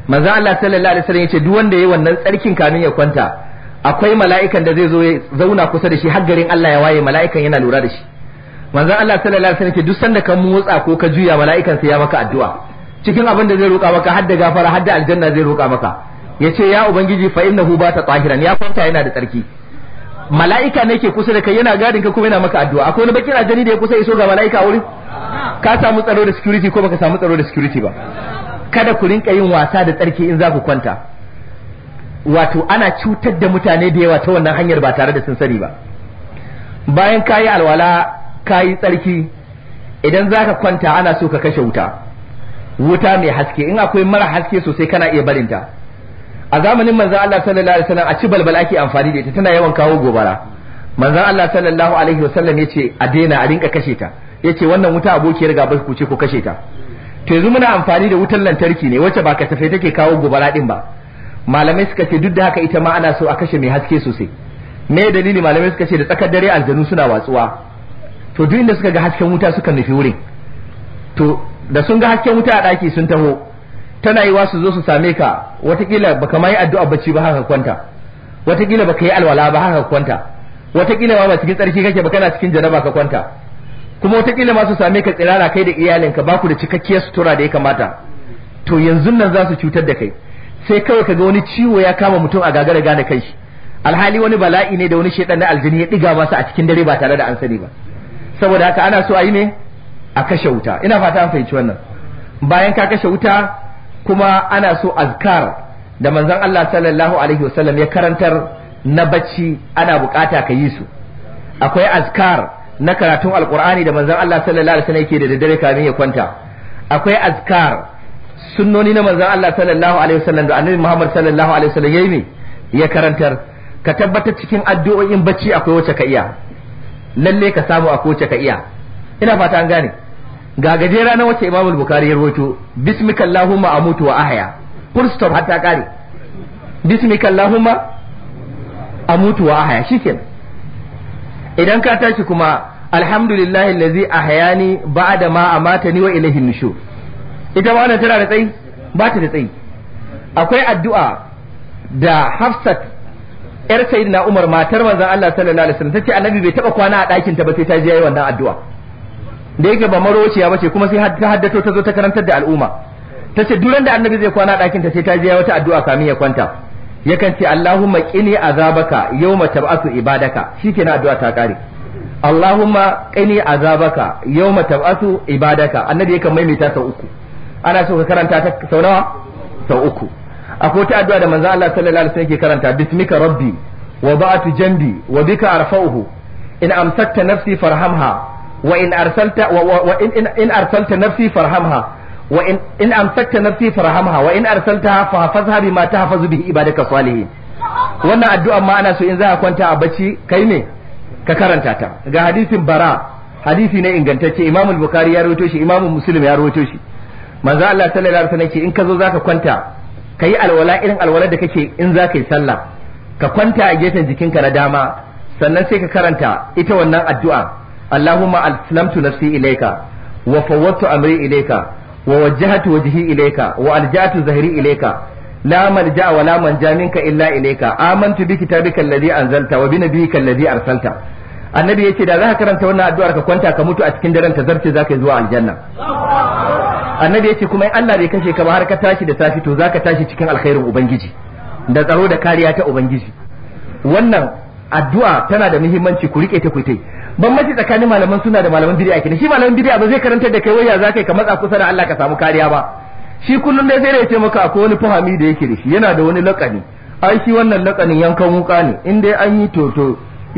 manzo Allah sallallahu alaihi wasallam yace duk wanda yi wannan tsarkin kamin ya kwanta akwai mala'ikan da zai zo ya zauna kusa da shi har garin Allah ya waye mala'ikan yana lura da shi manzon Allah sallallahu alaihi wasallam ke duk sanda ka motsa ko ka juya mala'ikan sai ya maka addu'a cikin abin da zai roƙa maka har da gafara har da aljanna zai roƙa maka yace ya ubangiji fa innahu ba ta tahiran ya kwanta yana da tsarki mala'ika ne ke kusa da kai yana gadin ka kuma yana maka addu'a akwai wani bakin aljani da ya kusa iso ga mala'ika wurin ka samu tsaro da security ko baka samu tsaro da security ba kada ku rinka yin wasa da tsarki in za ku kwanta wato ana cutar da mutane da yawa ta wannan hanyar ba tare da sun sani ba bayan kayi alwala kayi tsarki idan zaka kwanta ana so ka kashe wuta wuta mai haske in akwai mara haske sosai kana iya barinta a zamanin manzon Allah sallallahu alaihi wasallam a ci balbal ake amfani da ita tana yawan kawo gobara manzon Allah sallallahu alaihi wasallam yace a daina a rinka kashe ta yace wannan wuta abokiyar gaba ku ce ko kashe ta to yanzu muna amfani da wutar lantarki ne wacce ba tafe take kawo gobara din ba malamai suka ce duk da haka ita ma ana so a kashe mai haske sosai me dalili malamai suka ce da tsakar dare aljanu suna watsuwa to duk inda suka ga hasken wuta suka nufi wurin to da sun ga hasken wuta a daki sun taho tana wa su zo su same ka watakila baka ma yi addu'a bacci ba haka kwanta watakila baka yi alwala ba haka kwanta watakila ma ba cikin tsarki kake ba kana cikin jaraba ka kwanta kuma watakila ma su same ka tsirara kai da iyalinka ba ku da cikakkiyar sutura da ya kamata to yanzu nan za su cutar da kai sai kawai kaga wani ciwo ya kama mutum a gagara gane kai shi. alhali wani bala'i ne da wani shedan na aljini ya diga masa a cikin dare ba tare da an sani ba saboda haka ana so a yi ne a kashe wuta ina fata an fahimci wannan bayan ka kashe wuta kuma ana so azkar da manzon Allah sallallahu alaihi wasallam ya karantar na bacci ana bukata ka yi su akwai azkar na karatun alkur'ani da manzon Allah sallallahu alaihi wasallam yake da daddare kamin ya kwanta akwai azkar sunnoni na manzon Allah sallallahu alaihi wasallam da annabi Muhammad sallallahu alaihi wasallam yayi ne ya karantar ka tabbata cikin addu'o'in bacci akwai wacce ka iya lalle ka samu akwai wacce ka iya ina fata an gane ga gajera na wacce Imam Bukhari ya rubuto bismikallahumma amutu wa ahya full stop hatta kare bismikallahumma amutu wa ahya shikenan idan ka tashi kuma alhamdulillahi allazi ahyani ba'da ma amatani wa ilayhi nushur ita ba wannan tana da tsayi ba ta da tsayi akwai addu'a da Hafsat yar sayyidina Umar matar manzon Allah sallallahu alaihi wasallam tace annabi bai taba kwana a dakin ta ba sai ta je yayin wannan addu'a da yake ba marociya bace kuma sai ta haddato ta zo ta karantar da al'umma tace duran da annabi zai kwana a dakin ta sai ta je wata addu'a kamin ya kwanta yakan ce Allahumma qini azabaka yawma tab'atu ibadaka shikenan addu'a ta kare Allahumma qini azabaka yawma tab'atu ibadaka annabi yakan maimaita sau uku ana so ka karanta ta sau nawa sau uku akwai ta addu'a da manzo Allah sallallahu alaihi wasallam yake karanta bismika rabbi wa ba'atu jambi wa bika arfa'uhu in amsakta nafsi farhamha wa in arsalta wa in in arsalta nafsi farhamha wa in in amsakta nafsi farhamha wa in arsaltaha fahfazha bima tahfazu bihi ibadaka salihin wannan addu'a ma ana so in za ka kwanta a bacci kai ne ka karanta ta ga hadisin bara hadisi ne ingantacce imamul bukhari ya rawaito shi imamu muslim ya rawaito shi manzo Allah sallallahu alaihi wasallam ce in ka zo zaka kwanta kayi alwala irin alwala da kake in zaka yi sallah ka kwanta a gefen jikinka na dama sannan sai ka karanta ita wannan addu'a Allahumma aslamtu nafsi ilayka wa fawwadtu amri ilayka wa wajjahtu wajhi ilayka wa alja'tu zahri ilayka لا ملجا ولا منجا منك الا اليك امنت بكتابك الذي انزلت وبنبيك الذي ارسلت annabi yace da za ka karanta wannan addu'ar ka kwanta ka mutu a cikin daren ta zarce zaka zuwa aljanna annabi yace kuma in Allah bai kashe ka ba har ka tashi da safi to zaka tashi cikin alkhairin ubangiji da tsaro da kariya ta ubangiji wannan addu'a tana da muhimmanci ku rike ta ku tai bambanci tsakanin malaman suna da malaman bid'a kenan shi malaman bid'a ba zai karantar da kai waya zaka ka matsa kusa da Allah ka samu kariya ba shi kullum dai sai da yace maka akwai wani fahami da yake da shi yana da wani lakani ai shi wannan lakanin yankan wuka ne in dai an yi toto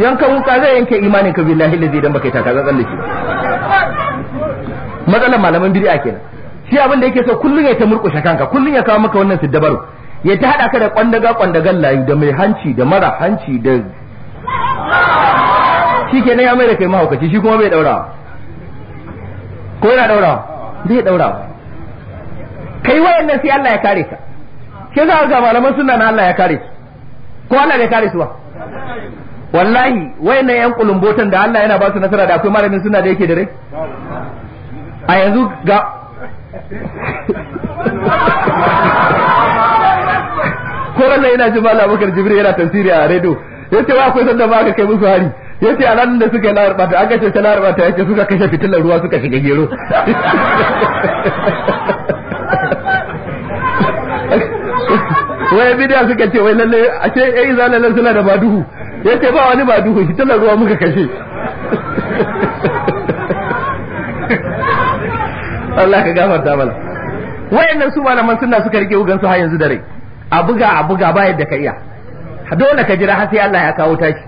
yankan wuka zai yanke imanin ka billahi lazi dan baka ta takazan da matsalar malaman bid'a kenan shi abin da yake so kullun ya ta murƙushe kanka kullun ya kawo maka wannan siddabaru ya ta hada ka da kwandaga kwandagan layu da mai hanci da mara hanci da shi kenan ya mai da kai mahaukaci shi kuma bai daura ko yana daura bai daura kai wayannan sai Allah ya kare ka ke za ga malaman sunna na Allah ya kare su ko Allah ya kare su wa? wallahi wayannan yan kulumbotan da Allah yana ba su nasara da akwai malamin sunna da yake da rai a yanzu ga koran nan yana ji mala abubakar jibril yana tafsiri a redo ya ce wa akwai sanda ba aka kai musu hari ya ce a nan da suka yi lahar bata aka ce ta lahar bata ya ce suka kashe fitilar ruwa suka shiga gero wai bidiya suka ce wai lalle a ce ya yi zanen suna da baduhu ya ce ba wani baduhu fitilar ruwa muka kashe Allah ka gafarta mana wayannan su malaman sunna suka rike ugan su har yanzu da rai a buga a buga ba yadda ka iya dole ka jira har sai Allah ya kawo tashi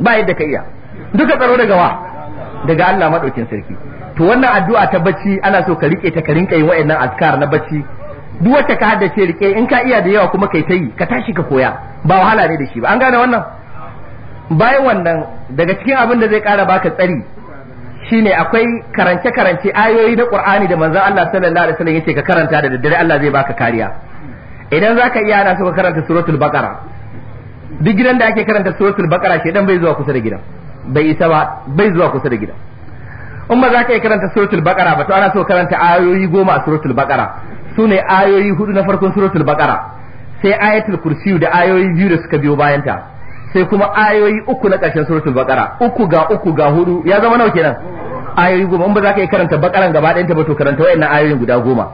ba yadda ka iya duka tsaro daga wa daga Allah madaukin sarki to wannan addu'a ta bacci ana so ka rike ta ka rinka yin wayannan azkar na bacci duk wacce ka haddace rike in ka iya da yawa kuma kai ta yi ka tashi ka koya ba wahala ne da shi ba an gane wannan bayan wannan daga cikin abin da zai kara baka tsari shine akwai karance karance ayoyi na Qur'ani da manzon Allah sallallahu alaihi wasallam yace ka karanta da daddare Allah zai baka kariya idan zaka iya ana so ka karanta suratul baqara duk gidan da ake karanta suratul baqara dan bai zuwa kusa da gidan bai isa ba bai zuwa kusa da gidan in ba za iya karanta suratul baqara ba to ana so karanta ayoyi goma a suratul baqara sune ayoyi hudu na farkon suratul baqara sai ayatul kursiyu da ayoyi biyu da suka biyo bayan ta sai kuma ayoyi uku na ƙarshen suratul baqara uku ga uku ga hudu ya zama nawa kenan ayoyi goma in ba za ka yi karanta baqaran gaba ɗayan ta ba to karanta wayannan ayoyin guda goma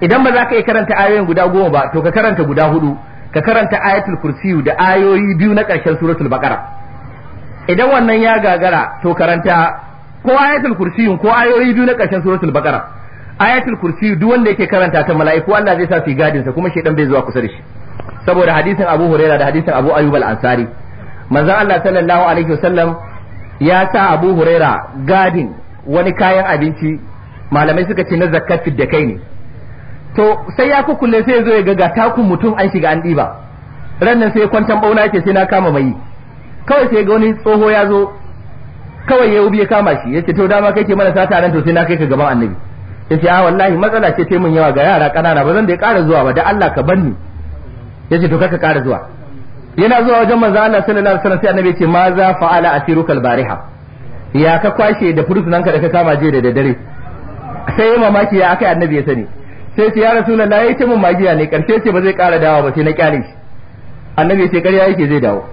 idan ba za ka yi karanta ayoyin guda goma ba to ka karanta guda hudu ka karanta ayatul kursi da ayoyi biyu na ƙarshen suratul baqara idan wannan ya gagara to karanta ko ayatul kursi ko ayoyi biyu na ƙarshen suratul baqara ayatul kursi duk wanda yake karanta ta mala'iku Allah zai sa su gadin sa kuma shedan bai zuwa kusa da shi saboda hadisin Abu Huraira da hadisin Abu Ayyub al-Ansari manzon Allah sallallahu alaihi wasallam ya sa Abu Huraira gadin wani kayan abinci malamai suka ce na zakat da kai ne to sai ya kukulle sai zo ya ga takun mutum an shiga an diba ran nan sai kwantan bauna yake sai na kama mai kawai sai ga wani tsoho ya zo kawai ya ubi ya kama shi yace to dama kai ke mana sata ran to sai na kai ka gaban annabi yace a ah, wallahi matsala ce ce mun yawa ga yara kanana ba zan da ya ƙara zuwa ba da Allah ka banni yace to kaka kara zuwa yana zuwa wajen manzo Allah sallallahu alaihi wasallam sai annabi yace ma za fa'ala asiruka al-bariha ya ka kwashe da fursunan ka da ka kama jiya da daddare sai yayi mamaki ya akai annabi ya sani sai ya rasulullahi yayi ta mun magiya ne karshe ce ba zai kara dawo ba sai na kyale shi annabi ya ce ƙarya yake zai dawo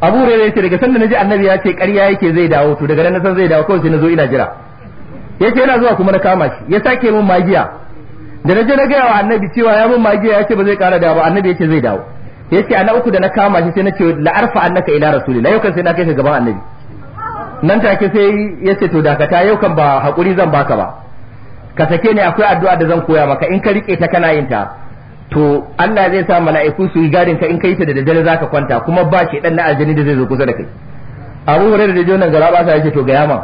Abu Hurairah yace daga sanda naji annabi ya ce ƙarya yake zai dawo to daga nan san zai dawo kawai sai na zo ina jira yace yana zuwa kuma na kama shi ya sake mun magiya da na je na gaya wa annabi cewa ya mun magiya ya ce ba zai kara dawo annabi ya ce zai dawo ya ce ana uku da na kama shi sai na ce arfa annaka ila rasuli yau kan sai na kai ka gaban annabi nan take sai ya ce to dakata yau ba hakuri zan baka ba ka sake ne akwai addu'a da zan koya maka in ka rike ta kana yin ta to Allah zai sa mala'iku su yi gadin ka in kai ta da daddare zaka kwanta kuma ba ke dan na aljani da zai zo kusa da kai Abu Hurairah da nan gara ba ya ce to ga yama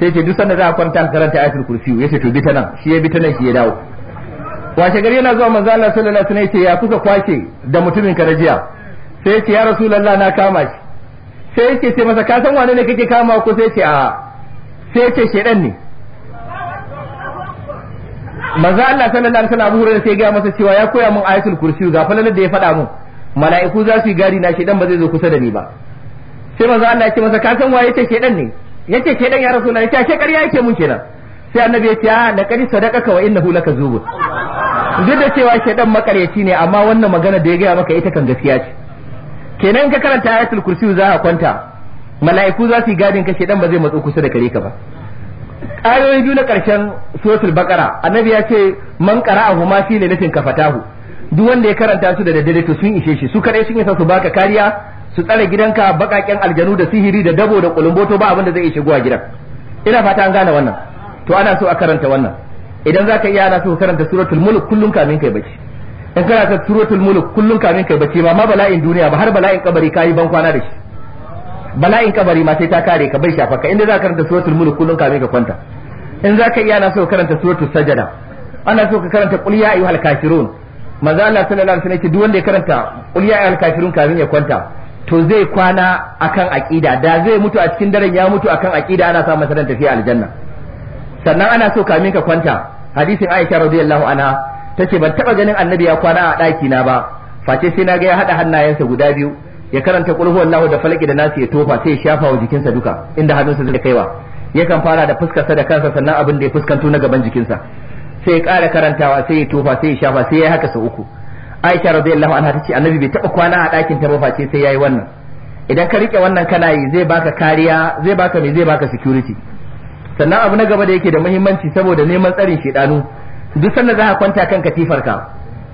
sai ce duk sanda za a kwanta karanta ayatul kursiyu yace to bi ta nan shi ya bi ta nan shi ya dawo washe gari yana zuwa manzo Allah sallallahu alaihi wasallam ya kusa kwace da mutumin ka jiya sai ya ce ya rasulullahi na kama shi sai yake ce masa ka san wane ne kake kama ko sai ce a sai ya ce shedan ne manzo Allah sallallahu alaihi wasallam Abu Hurairah sai ya masa cewa ya koya mun ayatul kursi ga falalar da ya faɗa mun mala'iku za su yi gari na shedan ba zai zo kusa da ni ba sai manzo Allah ya ce masa ka san waye yace shedan ne yace shedan ya rasulullah yace ashe ƙarya yake mun kenan sai annabi ya ce a na sadaka ka wa innahu lakazubun duk da cewa dan makaryaci ne amma wannan magana da ya gaya maka ita kan gaskiya ce kenan ka karanta ayatul kursi za ka kwanta mala'iku za su yi gadin ka shedan ba zai matso kusa da kare ka ba ayoyi biyu na karshen suratul baqara annabi ya ce man qara'a huma fi lailatin kafatahu duk wanda ya karanta su da daddare to sun ishe shi su kaɗai sun isa su baka kariya su tsare gidanka bakaken aljanu da sihiri da dabo da kulumboto ba abin da zai iya a gidan ina fata an gane wannan to ana so a karanta wannan idan za ka iya ana so karanta suratul mulk kullun kamin kai bacci in kana ta suratul mulk kullun kamin kai bacci ma ma bala'in duniya ba har bala'in kabari kai ban kwana da shi bala'in kabari ma sai ta kare ka bai shafa ka inda za ka karanta suratul mulk kullun kamin ka kwanta in za ka iya ana so karanta suratul sajada ana so ka karanta qul ya ayyuhal kafirun manzo Allah sallallahu alaihi wasallam yake duk wanda ya karanta qul ya ayyuhal kafirun kamin ya kwanta to zai kwana akan aqida da zai mutu a cikin daren ya mutu akan aqida ana sa masa tafiya aljanna sannan ana so kamin ka kwanta hadisin Aisha radiyallahu anha tace ban taba ganin annabi ya kwana a daki na ba face sai na ga ya hada hannayensa guda biyu ya karanta qul huwallahu da falaki da nasi ya tofa sai ya shafa wa jikinsa duka inda hannunsa zai kaiwa yakan fara da fuskarsa da kansa sannan abin da ya fuskanto na gaban jikinsa sai ya ƙara karantawa sai ya tofa sai ya shafa sai ya haka sau uku Aisha radiyallahu anha tace annabi bai taba kwana a dakin ta ba face sai yayi wannan idan ka rike wannan kana yi zai baka kariya zai baka me zai baka security sannan abu na gaba da yake da muhimmanci saboda neman tsarin shedanu duk sanda za ka kwanta kan katifar ka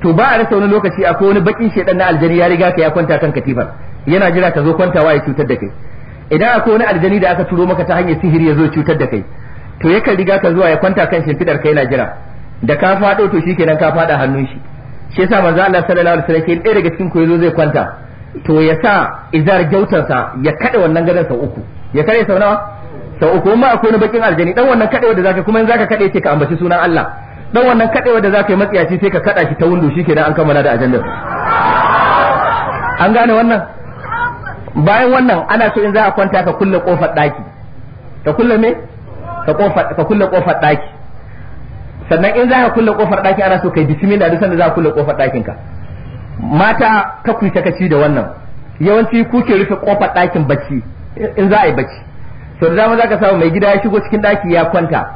to ba a rasa wani lokaci akwai wani bakin shedan na aljani ya riga ka ya kwanta kan katifar yana jira ka zo kwantawa ya cutar da kai idan akwai wani aljani da aka turo maka ta hanyar sihiri ya zo cutar da kai to yakan riga ka zuwa ya kwanta kan shimfidar kai yana jira da ka faɗo to shikenan ka faɗa hannun shi shi yasa manzo Allah sallallahu alaihi wasallam ɗaya daga cikin zo zai kwanta to ya sa izar jautarsa ya kada wannan gadan sa uku ya kare sau nawa sau uku ma akwai na bakin aljani dan wannan kadewa da zaka kuma in zaka kade ce ka ambaci sunan Allah dan wannan kadewa da zaka yi matsiyaci sai ka kada shi ta windo shikenan an kammala da ajandar an gane wannan bayan wannan ana so in za a kwanta ka kulle kofar daki ka kulle me ka kofar ka kulle kofar daki sannan in za ka kulle kofar daki ana so kai bismillah duk sanda za ka kulle kofar dakin ka mata ka ka ci da wannan yawanci kuke rufe kofar dakin bacci in za a yi bacci sau da dama za ka samu mai gida ya shigo cikin daki ya kwanta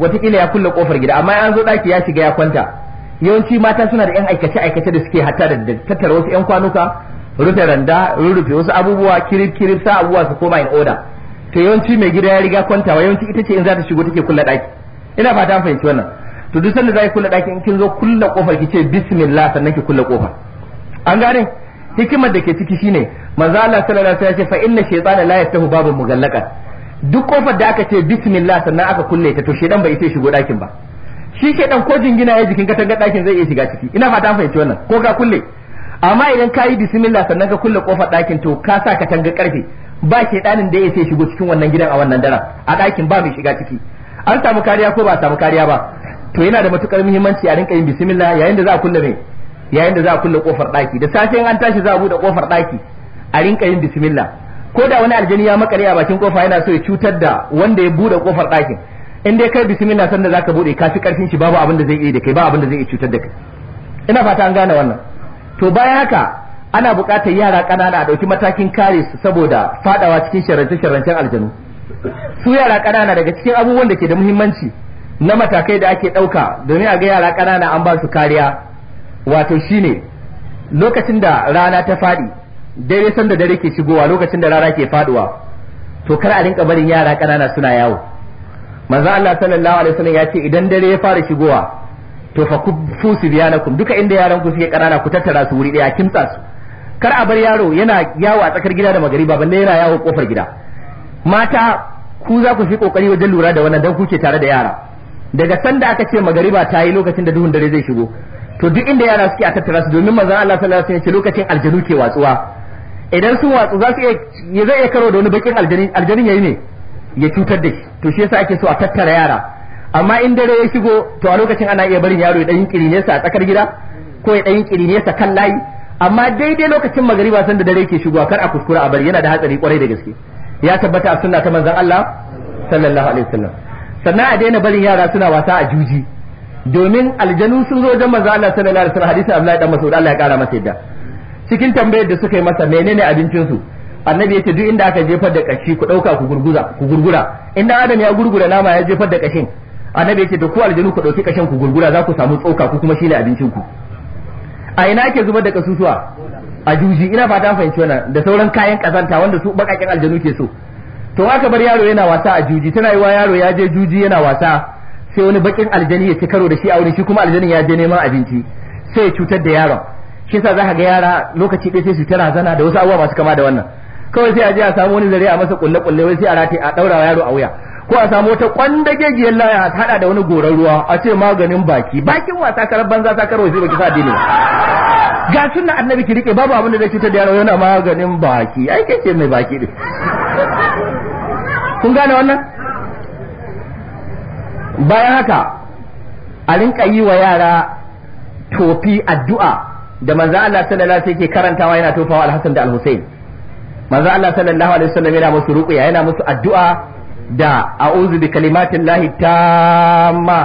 watakila ya kulle kofar gida amma an zo ɗaki ya shiga ya kwanta yawanci mata suna da yan aikace aikace da suke hatta da tattara wasu yan kwanuka rufe randa rurrufe wasu abubuwa kirif kirif sa abubuwa su koma in oda to yawanci mai gida ya riga kwantawa yawanci ita ce in za ta shigo take kulle ɗaki ina fata fahimci wannan to duk sanda za ki kulle ɗaki in kin zo kulle kofar ki ce bismillah sannan ki kulle kofar an gane hikimar da ke ciki shine manzo Allah sallallahu alaihi wasallam ya ce fa inna shaytana la yaftahu babun mughallaqa duk kofar da aka ce bismillah sannan aka kulle ta to shedan bai sai shigo dakin ba shi shedan ko jingina ya jikin katangar dakin zai iya shiga ciki ina fata an fahimci wannan ko ka kulle amma idan ka yi bismillah sannan ka kulle kofar dakin to ka sa tanga karfe ba shedanin da ya sai shigo cikin wannan gidan a wannan daren a dakin ba mai shiga ciki an samu kariya ko ba samu kariya ba to yana da matukar muhimmanci a rinka yin bismillah yayin da za a kulle mai yayin da za a kulle kofar daki da safe an tashi za a bude kofar daki a rinka yin bismillah ko da wani aljani ya makare a bakin kofa yana so ya cutar da wanda ya bude kofar dakin in dai kai bismillah sanda zaka bude ka fi karfin shi babu abin da zai iya da kai ba abin da zai cutar da kai ina fata an gane wannan to bayan haka ana buƙatar yara ƙanana a ɗauki matakin kare su saboda fadawa cikin sharrance-sharrancen aljanu su yara ƙanana daga cikin abubuwan da ke da muhimmanci na matakai da ake ɗauka domin a ga yara ƙanana an ba su kariya wato shine lokacin da rana ta faɗi daidai san da dare ke shigowa lokacin da rana ke faduwa to kar a rinka barin yara ƙanana suna yawo manzo Allah sallallahu alaihi wasallam ya ce idan dare ya fara shigowa to fa kufu sibyanakum duka inda yaran ku suke ƙanana ku tattara su wuri daya kimtsa su kar a bar yaro yana yawo a tsakar gida da magariba balle yana yawo kofar gida mata ku za ku fi kokari wajen lura da wannan dan kuke tare da yara daga sanda aka ce magariba ta yi lokacin da duhun dare zai shigo to duk inda yara suke a tattara su domin manzon Allah sallallahu alaihi wasallam ya lokacin aljanu ke watsuwa idan sun watsu za su iya zai karo da wani bakin aljanin aljanin yayi ne ya cutar da shi to shi yasa ake so a tattara yara amma in dare ya shigo to a lokacin ana iya barin yaro ya dan ne sa a tsakar gida ko ya dan kiri sa kan layi amma daidai lokacin magariba san da dare ke shigowa kar a kuskura a bari yana da hatsari kwarai da gaske ya tabbata a sunna ta manzon Allah sallallahu alaihi wasallam sannan a daina barin yara suna wasa a juji domin aljanu sun zo wajen manzo Allah sallallahu alaihi wasallam hadisi Abdullahi dan Mas'ud Allah ya kara masa yadda cikin tambayar da suka yi masa menene abincin su annabi yace duk inda aka jefar da kashi ku dauka ku gurguza ku gurgura inda adam ya gurgura nama ya jefar da kashin annabi yace da ku aljanu ku dauki kashin ku gurgura za ku samu tsoka ku kuma shine abincin ku a ina ake zubar da kasusuwa a juji ina fata fahimci wannan da sauran kayan kazanta wanda su bakakin aljanu ke so to aka bar yaro yana wasa a juji tana yi wa yaro ya je juji yana wasa sai wani bakin aljani ya ci karo da shi a wurin shi kuma aljanin ya je neman abinci sai ya cutar da yaron shi sa za ka ga yara lokaci ɗaya sai su ta razana da wasu abubuwa masu kama da wannan kawai sai a je a samu wani zare a masa kulle kulle wai sai a rataye a daura yaro a wuya ko a samu wata gege laya ya hada da wani goran ruwa a ce maganin baki bakin wasa karar banza ta karo sai baki sa dini ga sunna annabi ki rike babu abin da zai cutar da yaro yana maganin baki ai kake mai baki din kun gane wannan bayan haka a rinka yi wa yara tofi addu'a da manzo Allah sallallahu alaihi wasallam yake karantawa yana tofawa al-Hasan da al-Husayn manzo Allah sallallahu alaihi wasallam yana musu ruqya yana musu addu'a da a'udhu bi kalimatin lahi tamma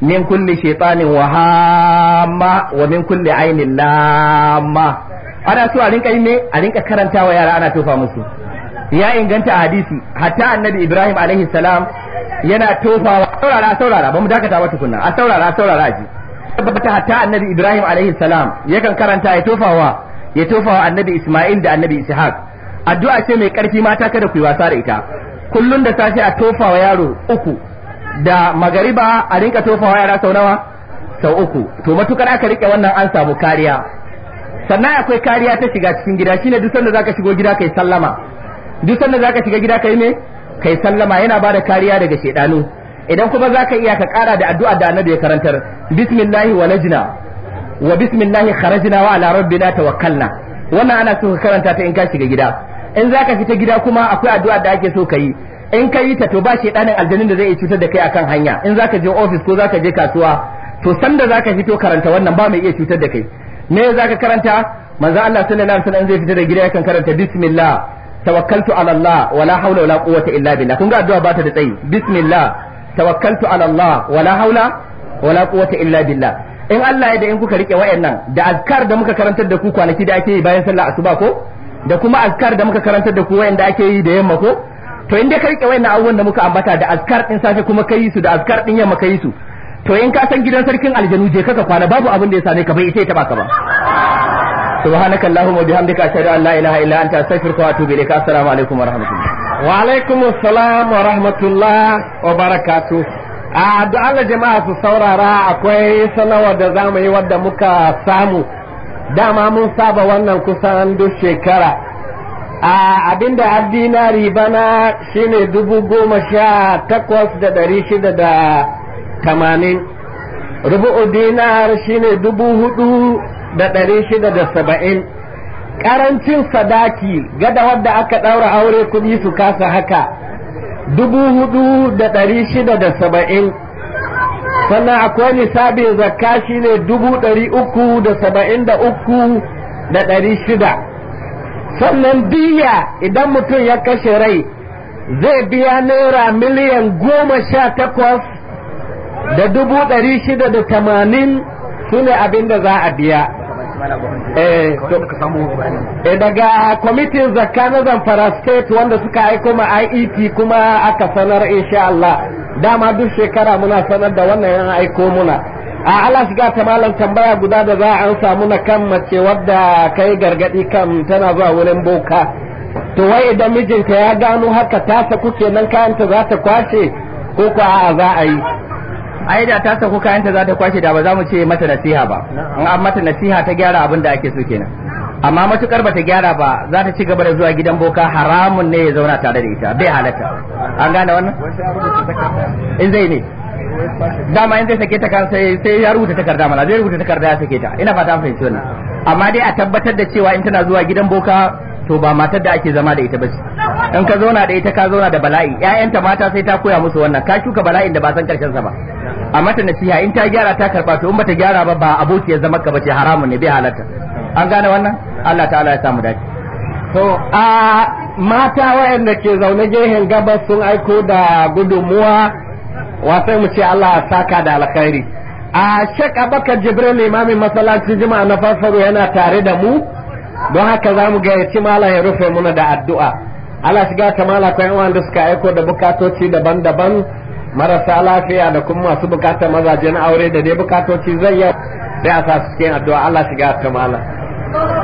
min kulli shaytanin wa hamma wa min kulli ainin lamma ana so a rinka yi ne a rinka karantawa yara ana tofa musu ya inganta hadisi hatta annabi Ibrahim alaihi salam yana tofawa saurara saurara ba mu dakata ba tukunna a saurara saurara ji tabbata hatta annabi ibrahim alaihi salam yakan karanta ya tofawa ya tofawa annabi isma'il da annabi ishaq addu'a ce mai karfi mata kada ku yi wasa da ita kullun da safe a tofawa yaro uku da magariba a rinka tofawa yara sau nawa sau uku to matukar aka rike wannan an samu kariya sannan akwai kariya ta shiga cikin gida shine duk sanda zaka shigo gida kai sallama duk sanda zaka shiga gida kai ne? kai sallama yana ba da kariya daga shaidanu idan kuma za ka iya ka kara da addu'a da annabi ya karantar bismillahi najna wa bismillahi kharajna wa ala rabbina tawakkalna wannan ana so ka karanta ta in ka shiga gida in za ka fita gida kuma akwai addu'a da ake so ka yi in ka yi ta to ba shaidanin aljanin da zai cutar da kai akan hanya in za ka je office ko za ka je kasuwa to sanda ka fito karanta wannan ba mai iya cutar da kai me za ka karanta manzo Allah sallallahu alaihi wasallam zai fita da gida yakan karanta bismillah tawakkaltu ala Allah wala haula wala quwwata illa billah kun ga addu'a ba ta da tsayi bismillah tawakkaltu ala Allah wala haula wala quwwata illa billah in Allah ya da in kuka rike wayannan da azkar da muka karantar da ku kwanaki da ake yi bayan sallar asuba ko da kuma azkar da muka karantar da ku wayanda ake yi da yamma ko to in dai ka rike wayannan abubuwan da muka ambata da azkar din safe kuma kai su da azkar din yamma kai su to in ka san gidan sarkin aljanu je ka kwana babu abin da ya sani ka bai ita ya taba ka ba سبحانك اللهم وبحمدك أشهد أن لا إله إلا أنت أستغفرك وأتوب إليك السلام عليكم ورحمة الله وعليكم السلام ورحمة الله وبركاته a da jama'a su saurara akwai sanarwar da za mu yi wadda muka samu dama mun saba wannan kusan duk shekara a addinari bana shine dubu goma sha takwas da ɗari shida da tamanin rubu'u dinar shine dubu hudu da ɗari shida da saba'in ƙarancin sadaki gada wadda aka ɗaura aure kuɗi su kasa haka dubu hudu da ɗari shida da saba'in sannan akwai nisabin zakka shi ne dubu ɗari uku da saba'in da uku da ɗari shida sannan biya idan mutum ya kashe rai zai biya naira miliyan goma sha takwas da dubu ɗari shida da tamanin su ne abin da za a biya Eh, eh, daga kwamitin zakka na zamfara state wanda suka aiko ma IET kuma aka sanar insha Allah dama duk shekara muna sanar da wannan yan aiko muna a ala shiga ta malam tambaya guda da za a samu na kan mace wadda kai gargadi kan tana zuwa wurin boka to wai idan mijinta ya gano haka tasa kuke nan kayanta za ta kwashe ko ko a'a za a yi ai da ta sako kayanta za ta kwashe da ba za mu ce mata nasiha ba in an mata nasiha ta gyara abin da ake so kenan amma matukar ba ta gyara ba za ta ci gaba da zuwa gidan boka haramun ne ya zauna tare da ita bai halatta an gane wannan in zai ne eh, dama in zai sake ta kan sai sai ya rubuta takarda mana zai rubuta takarda ya sake ta ina fata an fahimci wannan amma dai a tabbatar da cewa in tana zuwa gidan boka to ba matar da ake zama da ita ba in ka zauna da ita ka zauna da bala'i ƴaƴanta mata sai ta koya musu wannan ka shuka bala'in da ba san karshen sa ba a mata nasiha in ta gyara ta karba to in bata gyara ba ba aboki ya zama ka bace haramun ne bai halatta an gane wannan Allah ta'ala ya samu dace to a mata wayanda ke zaune gehen gabas sun aiko da gudunmuwa sai mu ce Allah ya saka da alkhairi a Sheikh Abakar Jibril imamin masallacin Juma'a na farfaro yana tare da mu don haka za mu gayyaci malam ya rufe muna da addu'a Allah shiga ta malakon yawan wanda suka aiko da bukatoci daban-daban marasa lafiya da kuma masu bukatar mazajen aure da dai bukatoci zai yau sai a sa su cikin addu'a Allah shiga ta mala